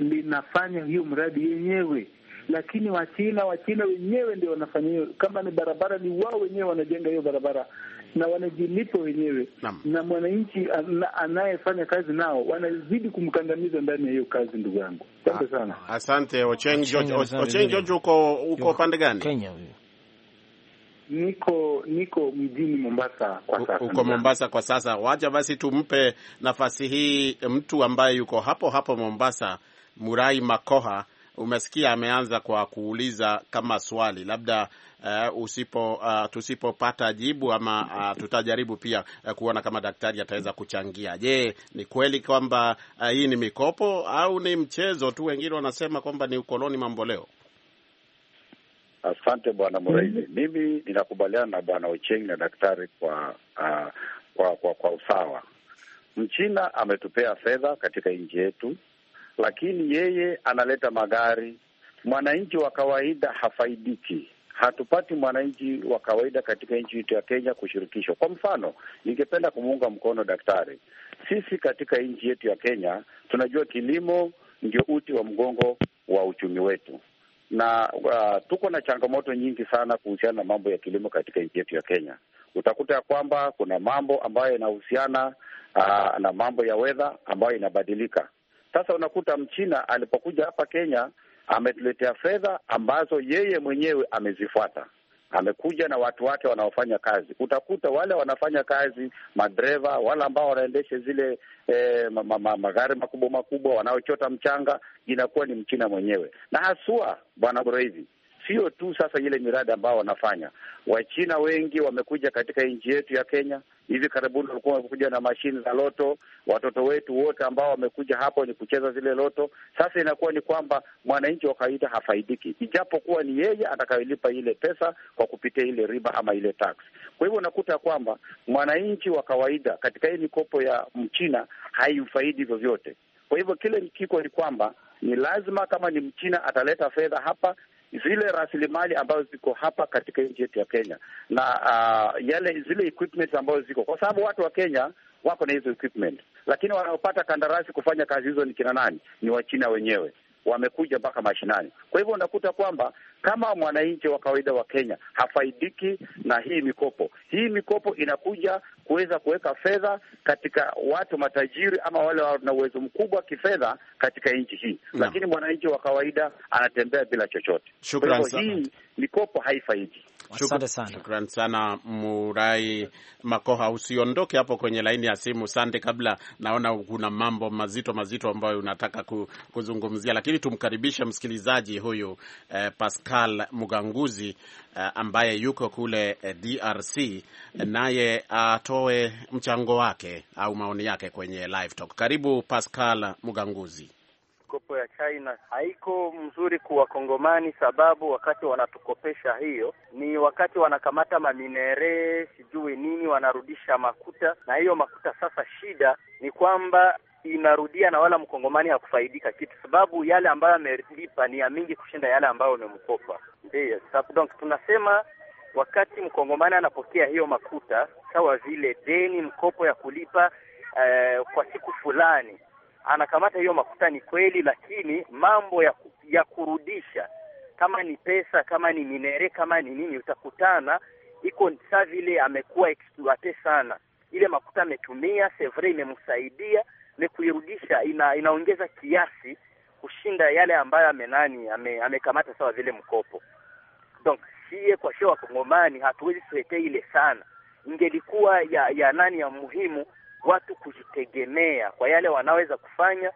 linafanya hiyo mradi yenyewe, lakini Wachina Wachina wenyewe ndio wanafanya hiyo. Kama ni barabara, ni wao wenyewe wanajenga hiyo barabara na wanajilipo wenyewe na, na mwananchi anayefanya kazi nao wanazidi kumkandamiza ndani ya hiyo kazi. Ndugu yangu, asante ah, sana. Asante Ocheng George. Uko uko pande gani? Kenya. Niko niko mjini Mombasa kwa sasa. Uko Mombasa kwa sasa, wacha basi tumpe nafasi hii mtu ambaye yuko hapo hapo Mombasa Murai Makoha, umesikia ameanza kwa kuuliza kama swali labda Uh, usipo uh, tusipopata jibu ama uh, tutajaribu pia uh, kuona kama daktari ataweza kuchangia. Je, ni kweli kwamba uh, hii ni mikopo au ni mchezo tu? Wengine wanasema kwamba ni ukoloni mamboleo. Asante bwana Mraizi. mm -hmm. Mimi ninakubaliana na bwana Ocheng na daktari kwa, uh, kwa, kwa, kwa usawa. Mchina ametupea fedha katika nchi yetu lakini yeye analeta magari. Mwananchi wa kawaida hafaidiki. Hatupati mwananchi wa kawaida katika nchi yetu ya Kenya kushirikishwa. Kwa mfano, ningependa kumuunga mkono daktari. Sisi katika nchi yetu ya Kenya tunajua kilimo ndio uti wa mgongo wa uchumi wetu na uh, tuko na changamoto nyingi sana kuhusiana na mambo ya kilimo katika nchi yetu ya Kenya. Utakuta ya kwamba kuna mambo ambayo yanahusiana uh, na mambo ya wedha ambayo inabadilika. Sasa unakuta mchina alipokuja hapa Kenya ametuletea fedha ambazo yeye mwenyewe amezifuata amekuja na watu wake wanaofanya kazi. Utakuta wale wanafanya kazi madereva, wale ambao wanaendesha zile e, ma, ma, magari makubwa makubwa, wanaochota mchanga, inakuwa ni mchina mwenyewe, na haswa bwana Breivi sio tu sasa ile miradi ambao wanafanya. Wachina wengi wamekuja katika nchi yetu ya Kenya. Hivi karibuni walikuwa wamekuja na mashine za loto. Watoto wetu wote ambao wamekuja hapo ni kucheza zile loto. Sasa inakuwa ni kwamba mwananchi wa kawaida hafaidiki, ijapokuwa ni yeye atakayelipa ile pesa kwa kupitia ile riba ama ile tax. Kwa hivyo unakuta kwamba mwananchi wa kawaida katika hii mikopo ya mchina haifaidi vyovyote. Kwa hivyo kile kiko ni kwamba ni lazima kama ni mchina ataleta fedha hapa, zile rasilimali ambazo ziko hapa katika nchi yetu ya Kenya na uh, yale zile equipment ambazo ziko, kwa sababu watu wa Kenya wako na hizo equipment, lakini wanaopata kandarasi kufanya kazi hizo ni kina nani? Ni Wachina wenyewe wamekuja mpaka mashinani. Kwa hivyo unakuta kwamba kama mwananchi wa kawaida wa Kenya hafaidiki na hii mikopo. Hii mikopo inakuja kuweza kuweka fedha katika watu matajiri ama wale wana uwezo mkubwa kifedha katika nchi hii no. Lakini mwananchi wa kawaida anatembea bila chochote. Kwa hivyo hii mikopo haifaidi. Asante sana. Shukran sana Murai Makoha, usiondoke hapo kwenye laini ya simu. Sande, kabla naona kuna mambo mazito mazito ambayo unataka kuzungumzia, lakini tumkaribishe msikilizaji huyu eh, Pascal Muganguzi eh, ambaye yuko kule eh, DRC naye atoe mchango wake au maoni yake kwenye live talk. Karibu Pascal Muganguzi mikopo ya China haiko mzuri kuwakongomani Kongomani, sababu wakati wanatukopesha hiyo ni wakati wanakamata maminere sijui nini, wanarudisha makuta, na hiyo makuta sasa, shida ni kwamba inarudia na wala mkongomani hakufaidika kitu, sababu yale ambayo amelipa ni ya mingi kushinda yale ambayo amemkopa Ndiyo donc tunasema wakati mkongomani anapokea hiyo makuta, sawa vile deni, mkopo ya kulipa eh, kwa siku fulani anakamata hiyo makuta ni kweli, lakini mambo ya, ya kurudisha kama ni pesa kama ni minere kama ni nini, utakutana iko saa vile amekuwa exploite sana ile makuta ametumia sevre imemsaidia ni kuirudisha, ina, inaongeza kiasi kushinda yale ambayo amenani amekamata sawa vile mkopo. Donc sie kwa sio wakongomani hatuwezi tuetee ile sana, ingelikuwa ya, ya nani ya muhimu watu kujitegemea kwa yale wanaweza kufanya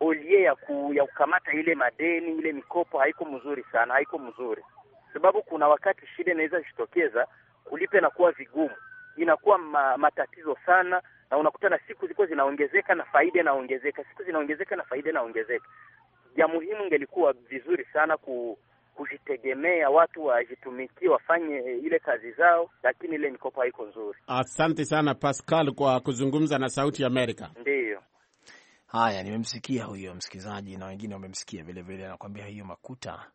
olie ya, ku, ya kukamata ile madeni ile mikopo haiko mzuri sana, haiko mzuri sababu kuna wakati shida inaweza kujitokeza, kulipe na kuwa vigumu, inakuwa ma, matatizo sana, na unakutana siku zilikuwa zinaongezeka na faida inaongezeka, siku zinaongezeka na faida inaongezeka. Ya muhimu ingelikuwa vizuri sana ku kujitegemea, watu wajitumikie, wafanye eh, ile kazi zao, lakini ile mikopo haiko nzuri. Asante sana Pascal kwa kuzungumza na Sauti ya Amerika. Ndiyo. Haya, nimemsikia huyo msikilizaji na wengine wamemsikia vilevile, anakuambia hiyo makuta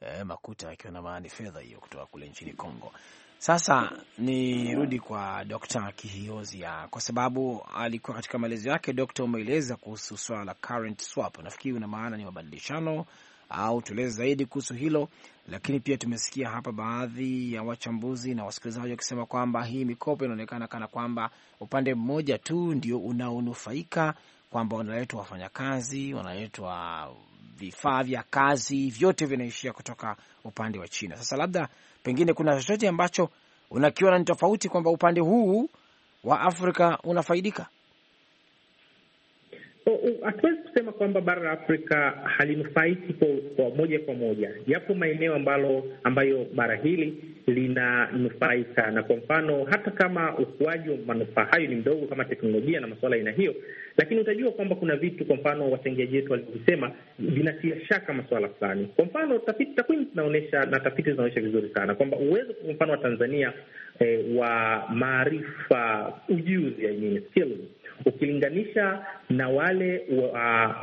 eh, makuta akiwa na maani fedha hiyo kutoka kule nchini Kongo. Sasa nirudi kwa Dr. Kihiozia kwa sababu alikuwa katika maelezo yake. Dr. umeeleza kuhusu swala la current swap, nafikiri una maana ni mabadilishano au tueleze zaidi kuhusu hilo. Lakini pia tumesikia hapa baadhi ya wachambuzi na wasikilizaji wakisema kwamba hii mikopo inaonekana kana kwamba upande mmoja tu ndio unaonufaika, kwamba wanaletwa wafanyakazi, wanaletwa vifaa vya kazi, vyote vinaishia kutoka upande wa China. Sasa labda pengine kuna chochote ambacho unakiona ni tofauti kwamba upande huu wa Afrika unafaidika? Hatuwezi oh, oh, kusema kwamba bara la Afrika halinufaiki kwa moja kwa moja, yapo maeneo ambalo ambayo bara hili linanufaika na kwa mfano, hata kama ukuaji wa manufaa hayo ni mdogo kama teknolojia na masuala aina hiyo, lakini utajua kwamba kuna vitu, kwa mfano, wachangiaji wetu walivyosema, vinatia shaka masuala fulani. Kwa mfano, tafiti takwimu zinaonyesha na tafiti zinaonyesha vizuri sana kwamba uwezo, kwa mfano, wa Tanzania eh, wa maarifa, ujuzi, I mean skills ukilinganisha na wale wa,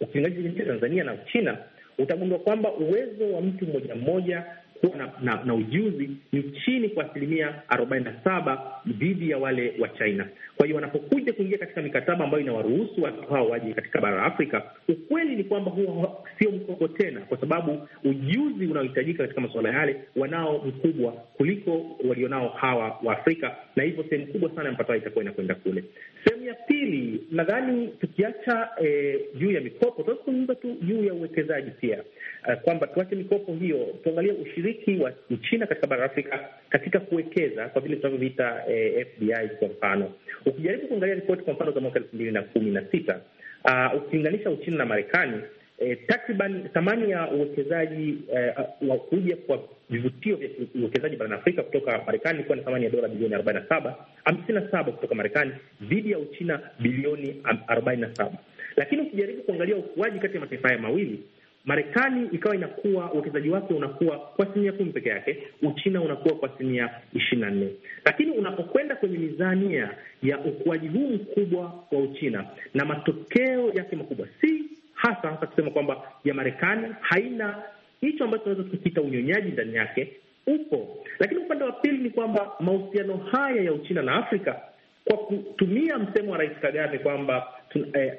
ukilinganisha nchi Tanzania na china utagundua kwamba uwezo wa mtu mmoja mmoja kuwa na, na, na ujuzi ni chini kwa asilimia arobaini na saba dhidi ya wale wa China. Kwa hiyo wanapokuja kuingia katika mikataba ambayo inawaruhusu watu hao waje katika bara la Afrika, ukweli ni kwamba huo sio mkopo tena, kwa sababu ujuzi unaohitajika katika masuala yale wanao mkubwa kuliko walionao hawa wa Afrika, na hivyo sehemu kubwa sana ya mpatao itakuwa inakwenda kule. Sehemu ya pili, nadhani tukiacha eh, juu ya mikopo, tunazungumza tu juu ya uwekezaji pia, uh, kwamba tuache mikopo hiyo, tuangalie ushiriki ushiriki wa Uchina katika bara la Afrika katika kuwekeza kwa vile tunavyoviita eh, FDI kwa mfano, ukijaribu kuangalia ripoti kwa mfano za mwaka elfu mbili na kumi na sita uh, ukilinganisha Uchina na Marekani eh, takriban thamani ya uwekezaji eh, wa kuja kwa vivutio vya uwekezaji barani Afrika kutoka Marekani ilikuwa na thamani ya dola bilioni arobaini na saba hamsini na saba kutoka Marekani dhidi ya Uchina bilioni arobaini na saba lakini ukijaribu kuangalia ukuaji kati ya mataifa haya mawili Marekani ikawa inakuwa uwekezaji wake unakuwa kwa asilimia kumi peke yake, Uchina unakuwa kwa asilimia ishirini na nne. Lakini unapokwenda kwenye mizania ya ukuaji huu mkubwa wa Uchina na matokeo yake makubwa, si hasa hasa kusema kwamba ya Marekani haina hicho ambacho tunaweza tukikiita unyonyaji ndani yake upo, lakini upande wa pili ni kwamba mahusiano haya ya Uchina na Afrika kwa kutumia msemo wa Rais Kagame kwamba Eh,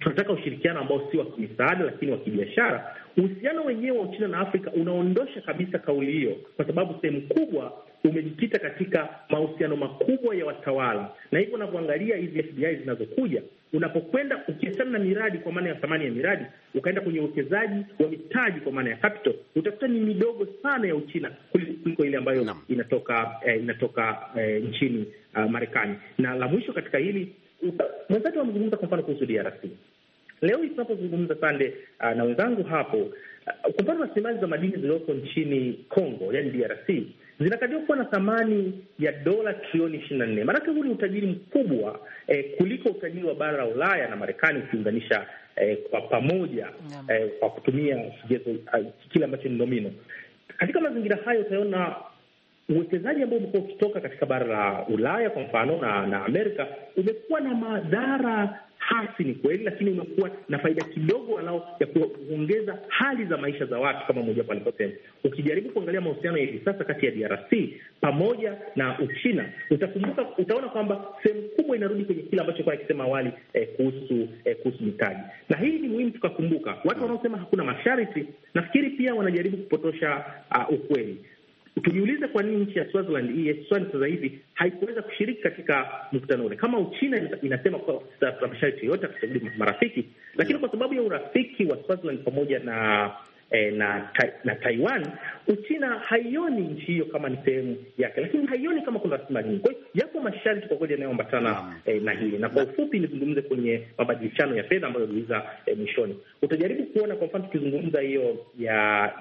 tunataka ushirikiano ambao si wa kimisaada, lakini wa kibiashara. Uhusiano wenyewe wa Uchina na Afrika unaondosha kabisa kauli hiyo, kwa sababu sehemu kubwa umejikita katika mahusiano makubwa ya watawala, na hivyo unavyoangalia hizi FDI zinazokuja, unapokwenda ukiachana na miradi kwa maana ya thamani ya miradi, ukaenda kwenye uwekezaji wa mitaji kwa maana ya capital, utakuta ni midogo sana ya Uchina kuliko ile ambayo inatoka eh, inatoka eh, nchini uh, Marekani. Na la mwisho katika hili mwenzetu amezungumza kwa mfano kuhusu DRC. Leo hii tunapozungumza Sande uh, ah, na wenzangu hapo uh, kwa mfano rasilimali za madini zilizoko nchini Congo, yani DRC zinakadiriwa kuwa na thamani ya dola trilioni ishirini na nne. Maanake huu ni utajiri mkubwa eh, kuliko utajiri wa bara la Ulaya na Marekani ukiunganisha eh, kwa pamoja eh, kwa kutumia kigezo uh, kile ambacho ni nomino. Katika mazingira hayo utaona uwekezaji ambao umekuwa ukitoka katika bara la Ulaya kwa mfano na, na Amerika umekuwa na madhara hasi, ni kweli, lakini umekuwa na faida kidogo anao ya kuongeza hali za maisha za watu, kama mojawapo alivyosema. Ukijaribu kuangalia mahusiano ya hivi sasa kati ya DRC pamoja na Uchina, utakumbuka utaona kwamba sehemu kubwa inarudi kwenye kile ambacho kuwa akisema awali eh, kuhusu eh, kuhusu mitaji, na hii ni muhimu tukakumbuka. Watu wanaosema hakuna masharti, nafikiri pia wanajaribu kupotosha uh, ukweli tujiulize kwa nini nchi ya Swaziland hii Swaziland sasa hivi haikuweza kushiriki katika mkutano ule. Kama Uchina inasema kuwa kwa masharti yoyote akusajili marafiki, lakini kwa sababu ya urafiki wa Swaziland pamoja na eh, na, na Taiwan, Uchina haioni nchi hiyo kama ni sehemu yake, lakini haioni kama kuna rasilimali nyingi. Kwa hiyo yapo masharti kwa kweli yanayoambatana eh, na hili. Na kwa ufupi nizungumze kwenye mabadilishano ya fedha ambayo uliuliza eh, mwishoni, utajaribu kuona kwa mfano tukizungumza hiyo ya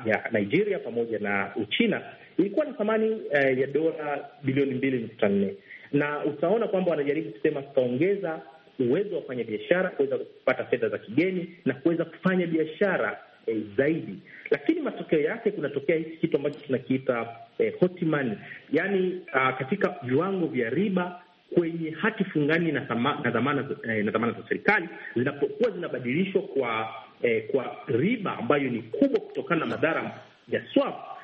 ya Nigeria pamoja na Uchina ilikuwa na thamani eh, ya dola bilioni mbili nukta nne na utaona kwamba wanajaribu kusema tutaongeza uwezo wa kufanya biashara kuweza kupata fedha za kigeni na kuweza kufanya biashara eh, zaidi, lakini matokeo yake kunatokea hiki kitu ambacho tunakiita eh, hotiman, yaani ah, katika viwango vya riba kwenye hati fungani eh, na dhamana za serikali zinapokuwa zinabadilishwa kwa eh, kwa riba ambayo ni kubwa kutokana na madhara ya swap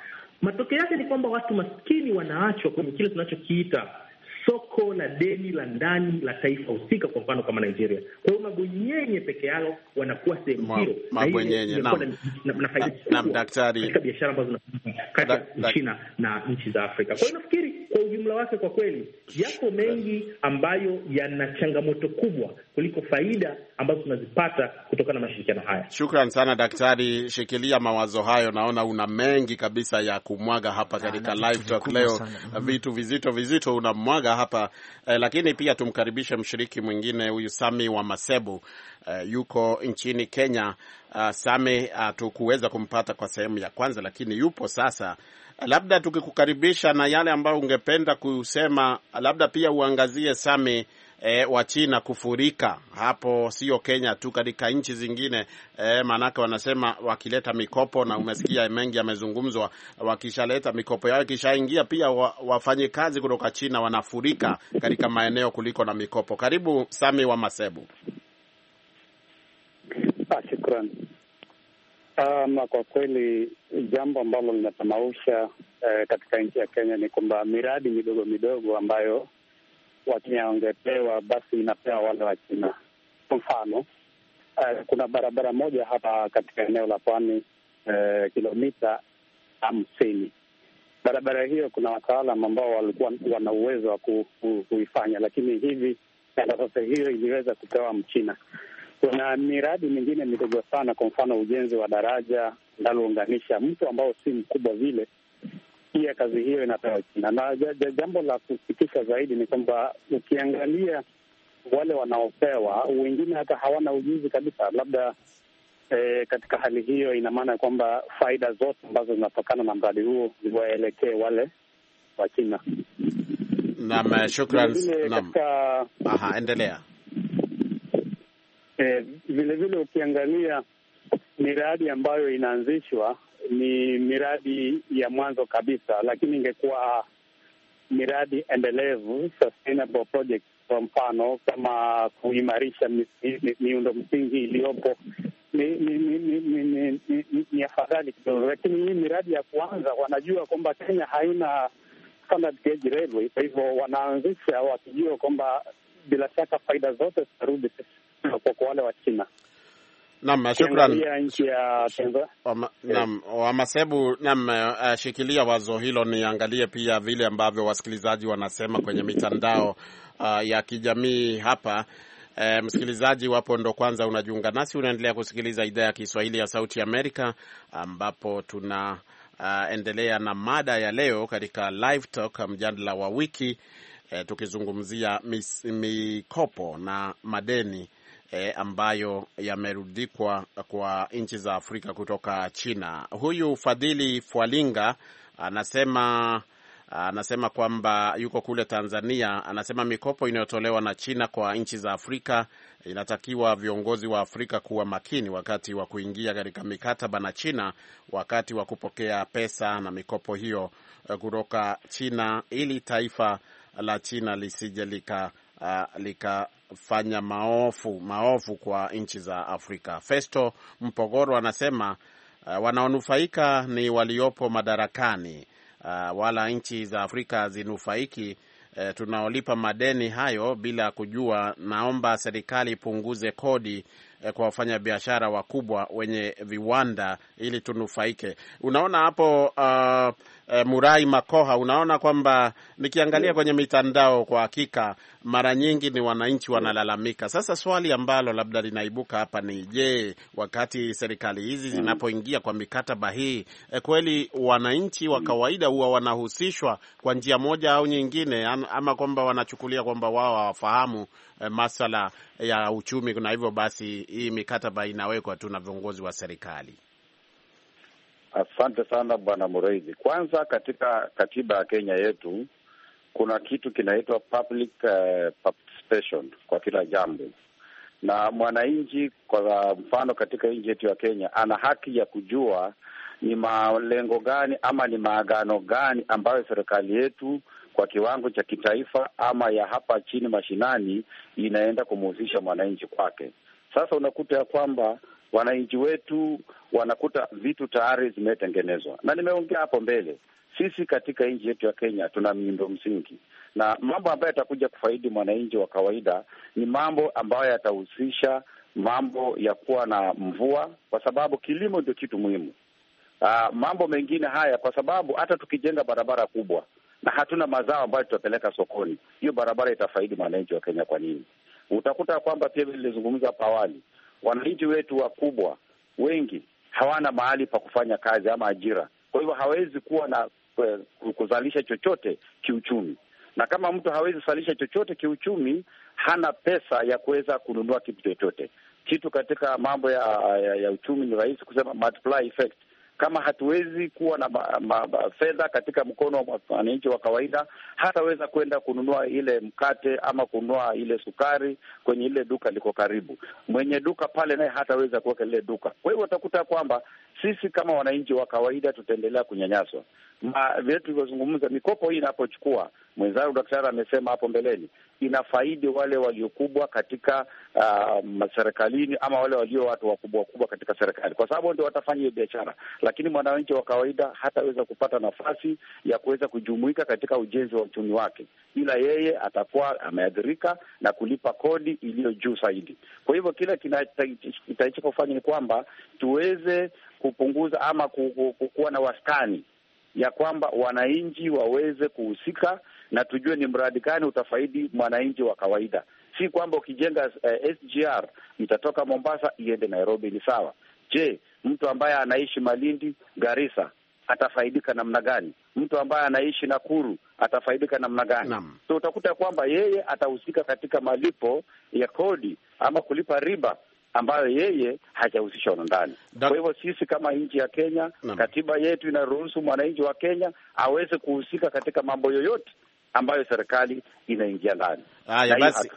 Matokeo yake ni kwamba watu maskini wanaachwa kwenye kile tunachokiita soko la deni la ndani la taifa husika, kwa mfano kama Nigeria. Kwa hiyo mabwenyenye peke yao wanakuwa sehemu hiyo, mabwenyenye na faida kubwa katika biashara ambazo zinafanyika kati ya China na nchi za Afrika. Kwa hiyo nafikiri kwa ujumla wake, kwa kweli yako mengi ambayo yana changamoto kubwa kuliko faida ambazo tunazipata kutokana na mashirikiano haya. Shukran sana Daktari, shikilia mawazo hayo. Naona una mengi kabisa ya kumwaga hapa katika live talk leo, mhm. vitu vizito vizito unamwaga hapa eh, lakini pia tumkaribishe mshiriki mwingine huyu Sami wa Masebu eh, yuko nchini Kenya. Uh, Sami ah, hatukuweza uh, kumpata kwa sehemu ya kwanza, lakini yupo sasa labda tukikukaribisha na yale ambayo ungependa kusema, labda pia uangazie Same e, wa China kufurika hapo, sio Kenya tu, katika nchi zingine e, maanake wanasema wakileta mikopo, na umesikia mengi yamezungumzwa, wakishaleta mikopo yao ikishaingia, pia wa, wafanye kazi kutoka China wanafurika katika maeneo kuliko na mikopo. Karibu Sami wa Masebu. Ah, ama kwa kweli jambo ambalo linatamausha eh, katika nchi ya Kenya ni kwamba miradi midogo midogo ambayo Wakenya wangepewa basi inapewa wale wa China. Kwa mfano eh, kuna barabara moja hapa katika eneo la pwani eh, kilomita hamsini. Barabara hiyo kuna wataalam ambao walikuwa wana uwezo wa kuifanya, lakini hivi sasa hiyo iliweza kupewa Mchina. Kuna miradi mingine midogo sana, kwa mfano ujenzi wa daraja linalounganisha mtu ambao si mkubwa vile, pia kazi hiyo inapewa China. Na jambo la kusikitisha zaidi ni kwamba ukiangalia wale wanaopewa, wengine hata hawana ujuzi kabisa. Labda e, katika hali hiyo, ina maana ya kwamba faida zote ambazo zinatokana na mradi huo ziwaelekee wale wa China. Naam, eh, shukran. endelea. Vilevile eh, vile ukiangalia miradi ambayo inaanzishwa ni miradi ya mwanzo kabisa, lakini ingekuwa miradi endelevu sustainable kwa mfano kama kuimarisha miundo msingi iliyopo ni ni ni ni ni ni ni afadhali kidogo, lakini hii miradi ya kuanza, wanajua kwamba Kenya haina standard gauge railway, kwa hivyo wanaanzisha wakijua kwamba bila shaka faida zote zitarudi kwa wale wa China. Naam, shukran. Wamasebu, naam, eh, eh, shikilia wazo hilo, niangalie pia vile ambavyo wasikilizaji wanasema kwenye mitandao uh, ya kijamii hapa. E, msikilizaji wapo ndo kwanza unajiunga nasi, unaendelea kusikiliza idhaa ya Kiswahili ya Sauti Amerika ambapo tuna uh, endelea na mada ya leo katika Live Talk, mjadala wa wiki e, tukizungumzia mikopo na madeni e, ambayo yamerudikwa kwa nchi za Afrika kutoka China. Huyu Fadhili Fwalinga anasema anasema kwamba yuko kule Tanzania. Anasema mikopo inayotolewa na China kwa nchi za Afrika inatakiwa viongozi wa Afrika kuwa makini wakati wa kuingia katika mikataba na China, wakati wa kupokea pesa na mikopo hiyo kutoka China, ili taifa la China lisije lika, uh, lika kufanya maofu, maofu kwa nchi za Afrika. Festo Mpogoro anasema uh, wanaonufaika ni waliopo madarakani uh, wala nchi za Afrika hazinufaiki uh, tunaolipa madeni hayo bila kujua. Naomba serikali ipunguze kodi kwa wafanyabiashara wakubwa wenye viwanda ili tunufaike. Unaona hapo uh, e, Murai Makoha, unaona kwamba nikiangalia kwenye mitandao, kwa hakika mara nyingi ni wananchi wanalalamika. Sasa swali ambalo labda linaibuka hapa ni je, wakati serikali hizi mm. zinapoingia kwa mikataba hii e, kweli wananchi wa mm. kawaida huwa wanahusishwa kwa njia moja au nyingine, ama kwamba wanachukulia kwamba wao hawafahamu e, masala ya uchumi, na hivyo basi hii mikataba inawekwa tu na viongozi wa serikali. Asante sana bwana Muraizi. Kwanza, katika katiba ya Kenya yetu kuna kitu kinaitwa public uh, participation kwa kila jambo, na mwananchi, kwa mfano, katika nchi yetu ya Kenya ana haki ya kujua ni malengo gani ama ni maagano gani ambayo serikali yetu kwa kiwango cha kitaifa ama ya hapa chini mashinani inaenda kumhusisha mwananchi kwake. Sasa unakuta ya kwamba wananchi wetu wanakuta vitu tayari zimetengenezwa. Na nimeongea hapo mbele, sisi katika nchi yetu ya Kenya tuna miundo msingi, na mambo ambayo yatakuja kufaidi mwananchi wa kawaida ni mambo ambayo yatahusisha mambo ya kuwa na mvua, kwa sababu kilimo ndio kitu muhimu. Uh, mambo mengine haya, kwa sababu hata tukijenga barabara kubwa na hatuna mazao ambayo tutapeleka sokoni, hiyo barabara itafaidi mwananchi wa Kenya kwa nini? Utakuta kwamba pia vile nilizungumza hapo awali, wananchi wetu wakubwa wengi hawana mahali pa kufanya kazi ama ajira, kwa hivyo hawezi kuwa na eh, kuzalisha chochote kiuchumi, na kama mtu hawezi kuzalisha chochote kiuchumi, hana pesa ya kuweza kununua kitu chochote kitu. Katika mambo ya, ya, ya uchumi ni rahisi kusema multiply effect kama hatuwezi kuwa na fedha katika mkono wa mwananchi wa kawaida, hataweza kwenda kununua ile mkate ama kununua ile sukari kwenye ile duka liko karibu. Mwenye duka pale naye hataweza kuweka lile duka. Kwa hivyo utakuta kwamba sisi kama wananchi wa kawaida tutaendelea kunyanyaswa vile tulivyozungumza. Mikopo hii inapochukua mwenzangu daktari amesema hapo mbeleni, inafaidi wale waliokubwa katika uh, serikalini ama wale walio watu wakubwa wakubwa katika serikali, kwa sababu ndio watafanya hiyo biashara. Lakini mwananchi wa kawaida hataweza kupata nafasi ya kuweza kujumuika katika ujenzi wa uchumi wake, ila yeye atakuwa ameathirika na kulipa kodi iliyo juu zaidi. Kwa hivyo kile kinahitajika kufanya ni kwamba tuweze kupunguza ama kuwa na wastani ya kwamba wananchi waweze kuhusika na tujue ni mradi gani utafaidi mwananchi wa kawaida, si kwamba ukijenga eh, SGR itatoka Mombasa iende Nairobi. Ni sawa. Je, mtu ambaye anaishi Malindi, Garissa atafaidika namna gani? Mtu ambaye anaishi Nakuru atafaidika namna gani? Naam. So utakuta kwamba yeye atahusika katika malipo ya kodi ama kulipa riba ambayo yeye hajahusisha ndani. Kwa hivyo sisi kama nchi ya Kenya, Naam. katiba yetu inaruhusu mwananchi wa Kenya aweze kuhusika katika mambo yoyote ambayo serikali inaingia ndani. Haya basi,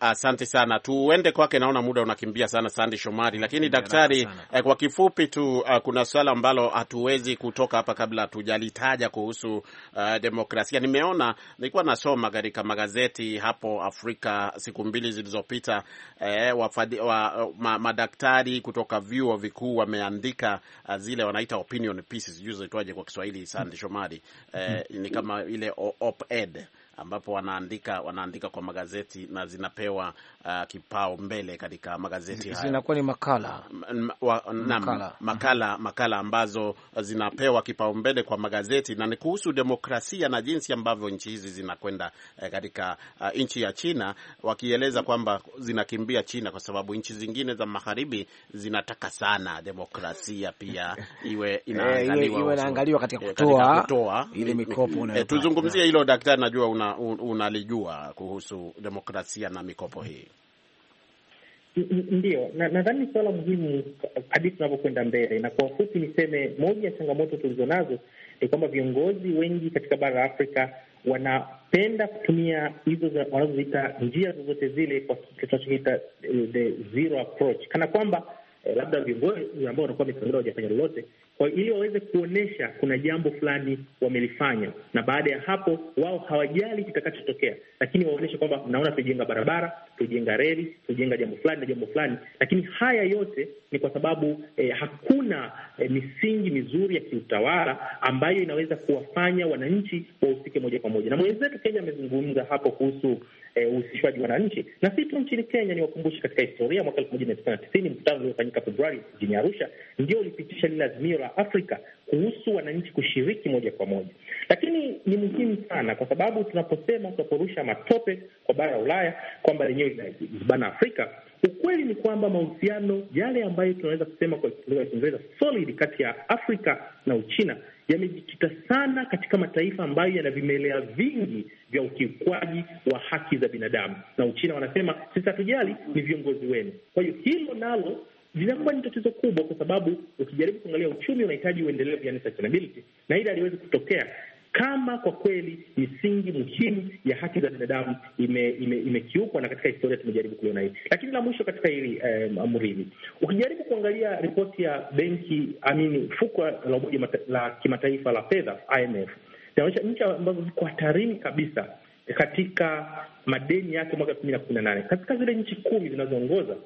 asante sana, tuende kwake. Naona muda unakimbia sana, Sandi Shomari. Lakini daktari, eh, kwa kifupi tu, uh, kuna swala ambalo hatuwezi kutoka hapa kabla hatujalitaja kuhusu uh, demokrasia. Nimeona nilikuwa nasoma katika magazeti hapo Afrika siku mbili zilizopita, eh, wafadi, wa, ma, madaktari kutoka vyuo vikuu wameandika uh, zile wanaita opinion pieces, sijui zinaitwaje kwa Kiswahili, Sandi Shomari, eh, ni kama ile op-ed ambapo wanaandika wanaandika kwa magazeti na zinapewa uh, kipao mbele katika magazeti hayo. zinakuwa ni makala wa, na, makala. Makala, makala ambazo zinapewa kipao mbele kwa magazeti na ni kuhusu demokrasia na jinsi ambavyo nchi hizi zinakwenda eh, katika uh, nchi ya China wakieleza kwamba zinakimbia China kwa sababu nchi zingine za magharibi zinataka sana demokrasia pia *laughs* eh, iwe inaangaliwa eh, katika kutoa ile mikopo. Eh, tuzungumzie hilo daktari, najua una una, un, unalijua kuhusu demokrasia na mikopo hii? ndio nadhani na ni suala muhimu hadi tunavyokwenda mbele, na kwa ufupi niseme moja ya changamoto tulizo nazo ni kwamba viongozi wengi katika bara la Afrika wanapenda kutumia hizo wanazoziita njia zozote zile kwa tunachokiita eh, the zero approach, kana kwamba eh, labda viongozi ambao wanakuwa mikononi wajafanya lolote kwa ili waweze kuonyesha kuna jambo fulani wamelifanya, na baada ya hapo wao hawajali kitakachotokea, lakini waonyeshe kwamba mnaona tujenga barabara, tujenga reli, tujenga jambo fulani na jambo fulani, lakini haya yote ni kwa sababu eh, hakuna eh, misingi mizuri ya kiutawala ambayo inaweza kuwafanya wananchi wahusike moja kwa moja. Na mwenzetu Kenya amezungumza hapo kuhusu eh, uhusishwaji wa wananchi, na si tu nchini Kenya. Ni wakumbushi katika historia, mwaka elfu moja mia tisa na tisini mkutano uliofanyika Februari jijini Arusha ndio ulipitisha lile azimio la Afrika kuhusu wananchi kushiriki moja kwa moja, lakini ni muhimu sana, kwa sababu tunaposema, tunaporusha matope kwa bara ya Ulaya kwamba lenyewe bana Afrika, ukweli ni kwamba mahusiano yale ambayo tunaweza kusema kwa Kiingereza solid kati ya Afrika na Uchina yamejikita sana katika mataifa ambayo yana vimelea vingi vya ukiukwaji wa haki za binadamu, na Uchina wanasema sisi hatujali, ni viongozi wenu. Kwa hiyo hilo nalo linakuwa ni tatizo kubwa, kwa sababu ukijaribu kuangalia uchumi unahitaji uendelevu, yani sustainability, na hili aliwezi kutokea kama kwa kweli misingi muhimu ya haki za binadamu imekiukwa, ime, ime na katika historia tumejaribu kuliona hii. Lakini la mwisho katika hili eh, um, amri ukijaribu kuangalia ripoti ya benki amini fuko la umoja la kimataifa la fedha IMF inaonyesha nchi ambazo ziko hatarini kabisa katika madeni yake mwaka elfu mbili na kumi na nane katika zile nchi kumi zinazoongoza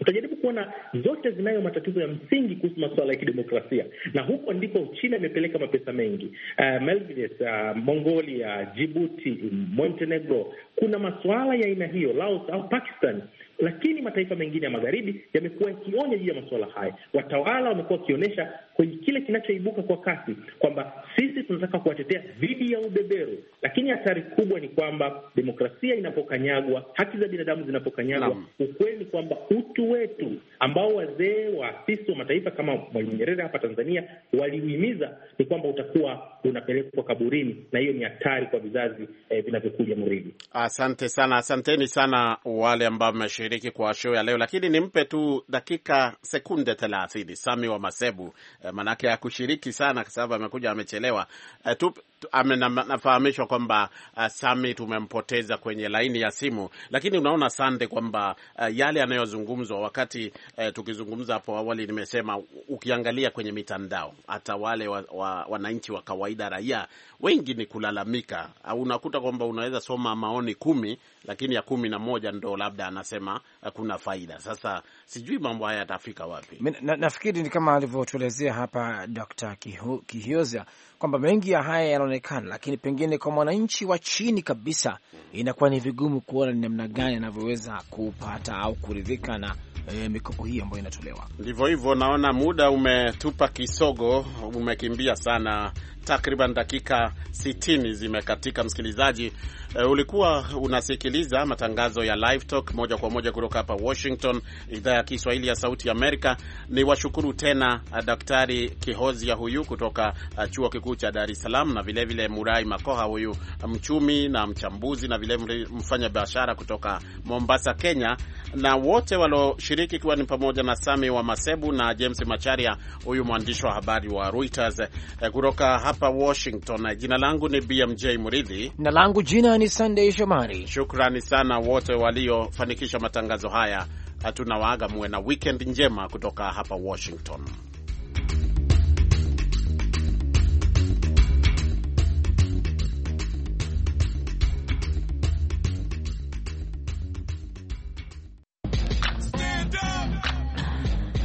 utajaribu kuona zote zinayo matatizo ya msingi kuhusu masuala ya kidemokrasia, na huko ndipo China imepeleka mapesa mengi uh, Maldives, uh, Mongolia, Jibuti, Montenegro. Kuna masuala ya aina hiyo Laos au Pakistan lakini mataifa mengine ya magharibi yamekuwa yakionya juu ya masuala haya. Watawala wamekuwa wakionyesha kwenye kile kinachoibuka kwa kasi kwamba sisi tunataka kuwatetea dhidi ya ubeberu, lakini hatari kubwa ni kwamba demokrasia inapokanyagwa, haki za binadamu zinapokanyagwa, ukweli ni kwamba utu wetu ambao wazee waasisi wa mataifa kama Mwalimu Nyerere hapa Tanzania waliuhimiza ni kwamba utakuwa unapelekwa kaburini, na hiyo ni hatari kwa vizazi eh, vinavyokuja. Muridi, asante sana. Asanteni sana wale ambao mmeshiriki kwa show ya leo, lakini nimpe tu dakika sekunde thelathini Sami wa Masebu eh, Eh, manake hakushiriki sana kwa sababu amekuja amechelewa. Uh, nafahamishwa kwamba uh, Sami tumempoteza kwenye laini ya simu, lakini unaona Sande kwamba uh, yale yanayozungumzwa wakati uh, tukizungumza hapo awali, nimesema ukiangalia kwenye mitandao hata wale wananchi wa, wa, wa kawaida raia wengi ni kulalamika. Uh, unakuta kwamba unaweza soma maoni kumi, lakini ya kumi na moja ndo labda anasema uh, kuna faida. Sasa sijui mambo haya yatafika wapi. Nafikiri na, ni kama alivyotuelezea hapa Dr. Kihioza kwamba mengi ya haya yanaonekana, lakini pengine kwa mwananchi wa chini kabisa inakuwa ni vigumu kuona ni namna gani anavyoweza kupata au kuridhika na E, eh, mikopo hii ambayo inatolewa ndivyo hivyo. Naona muda umetupa kisogo, umekimbia sana takriban dakika 60 zimekatika. Msikilizaji, uh, ulikuwa unasikiliza matangazo ya Live Talk moja kwa moja kutoka hapa Washington, idhaa ya Kiswahili ya Sauti ya Amerika. Ni washukuru tena uh, Daktari Kihozia huyu kutoka uh, Chuo Kikuu cha Dar es Salaam na vilevile vile Murai Makoha huyu mchumi na mchambuzi na vilevile mfanya biashara kutoka Mombasa, Kenya, na wote walioshiriki ikiwa ni pamoja na Sami wa Masebu na James Macharia huyu mwandishi wa habari wa Reuters kutoka uh, hapa Washington. Jina langu ni BMJ Muridhi na langu jina ni Sunday Shomari. Shukrani sana wote waliofanikisha matangazo haya. hatuna waga muwe na wikend njema kutoka hapa Washington.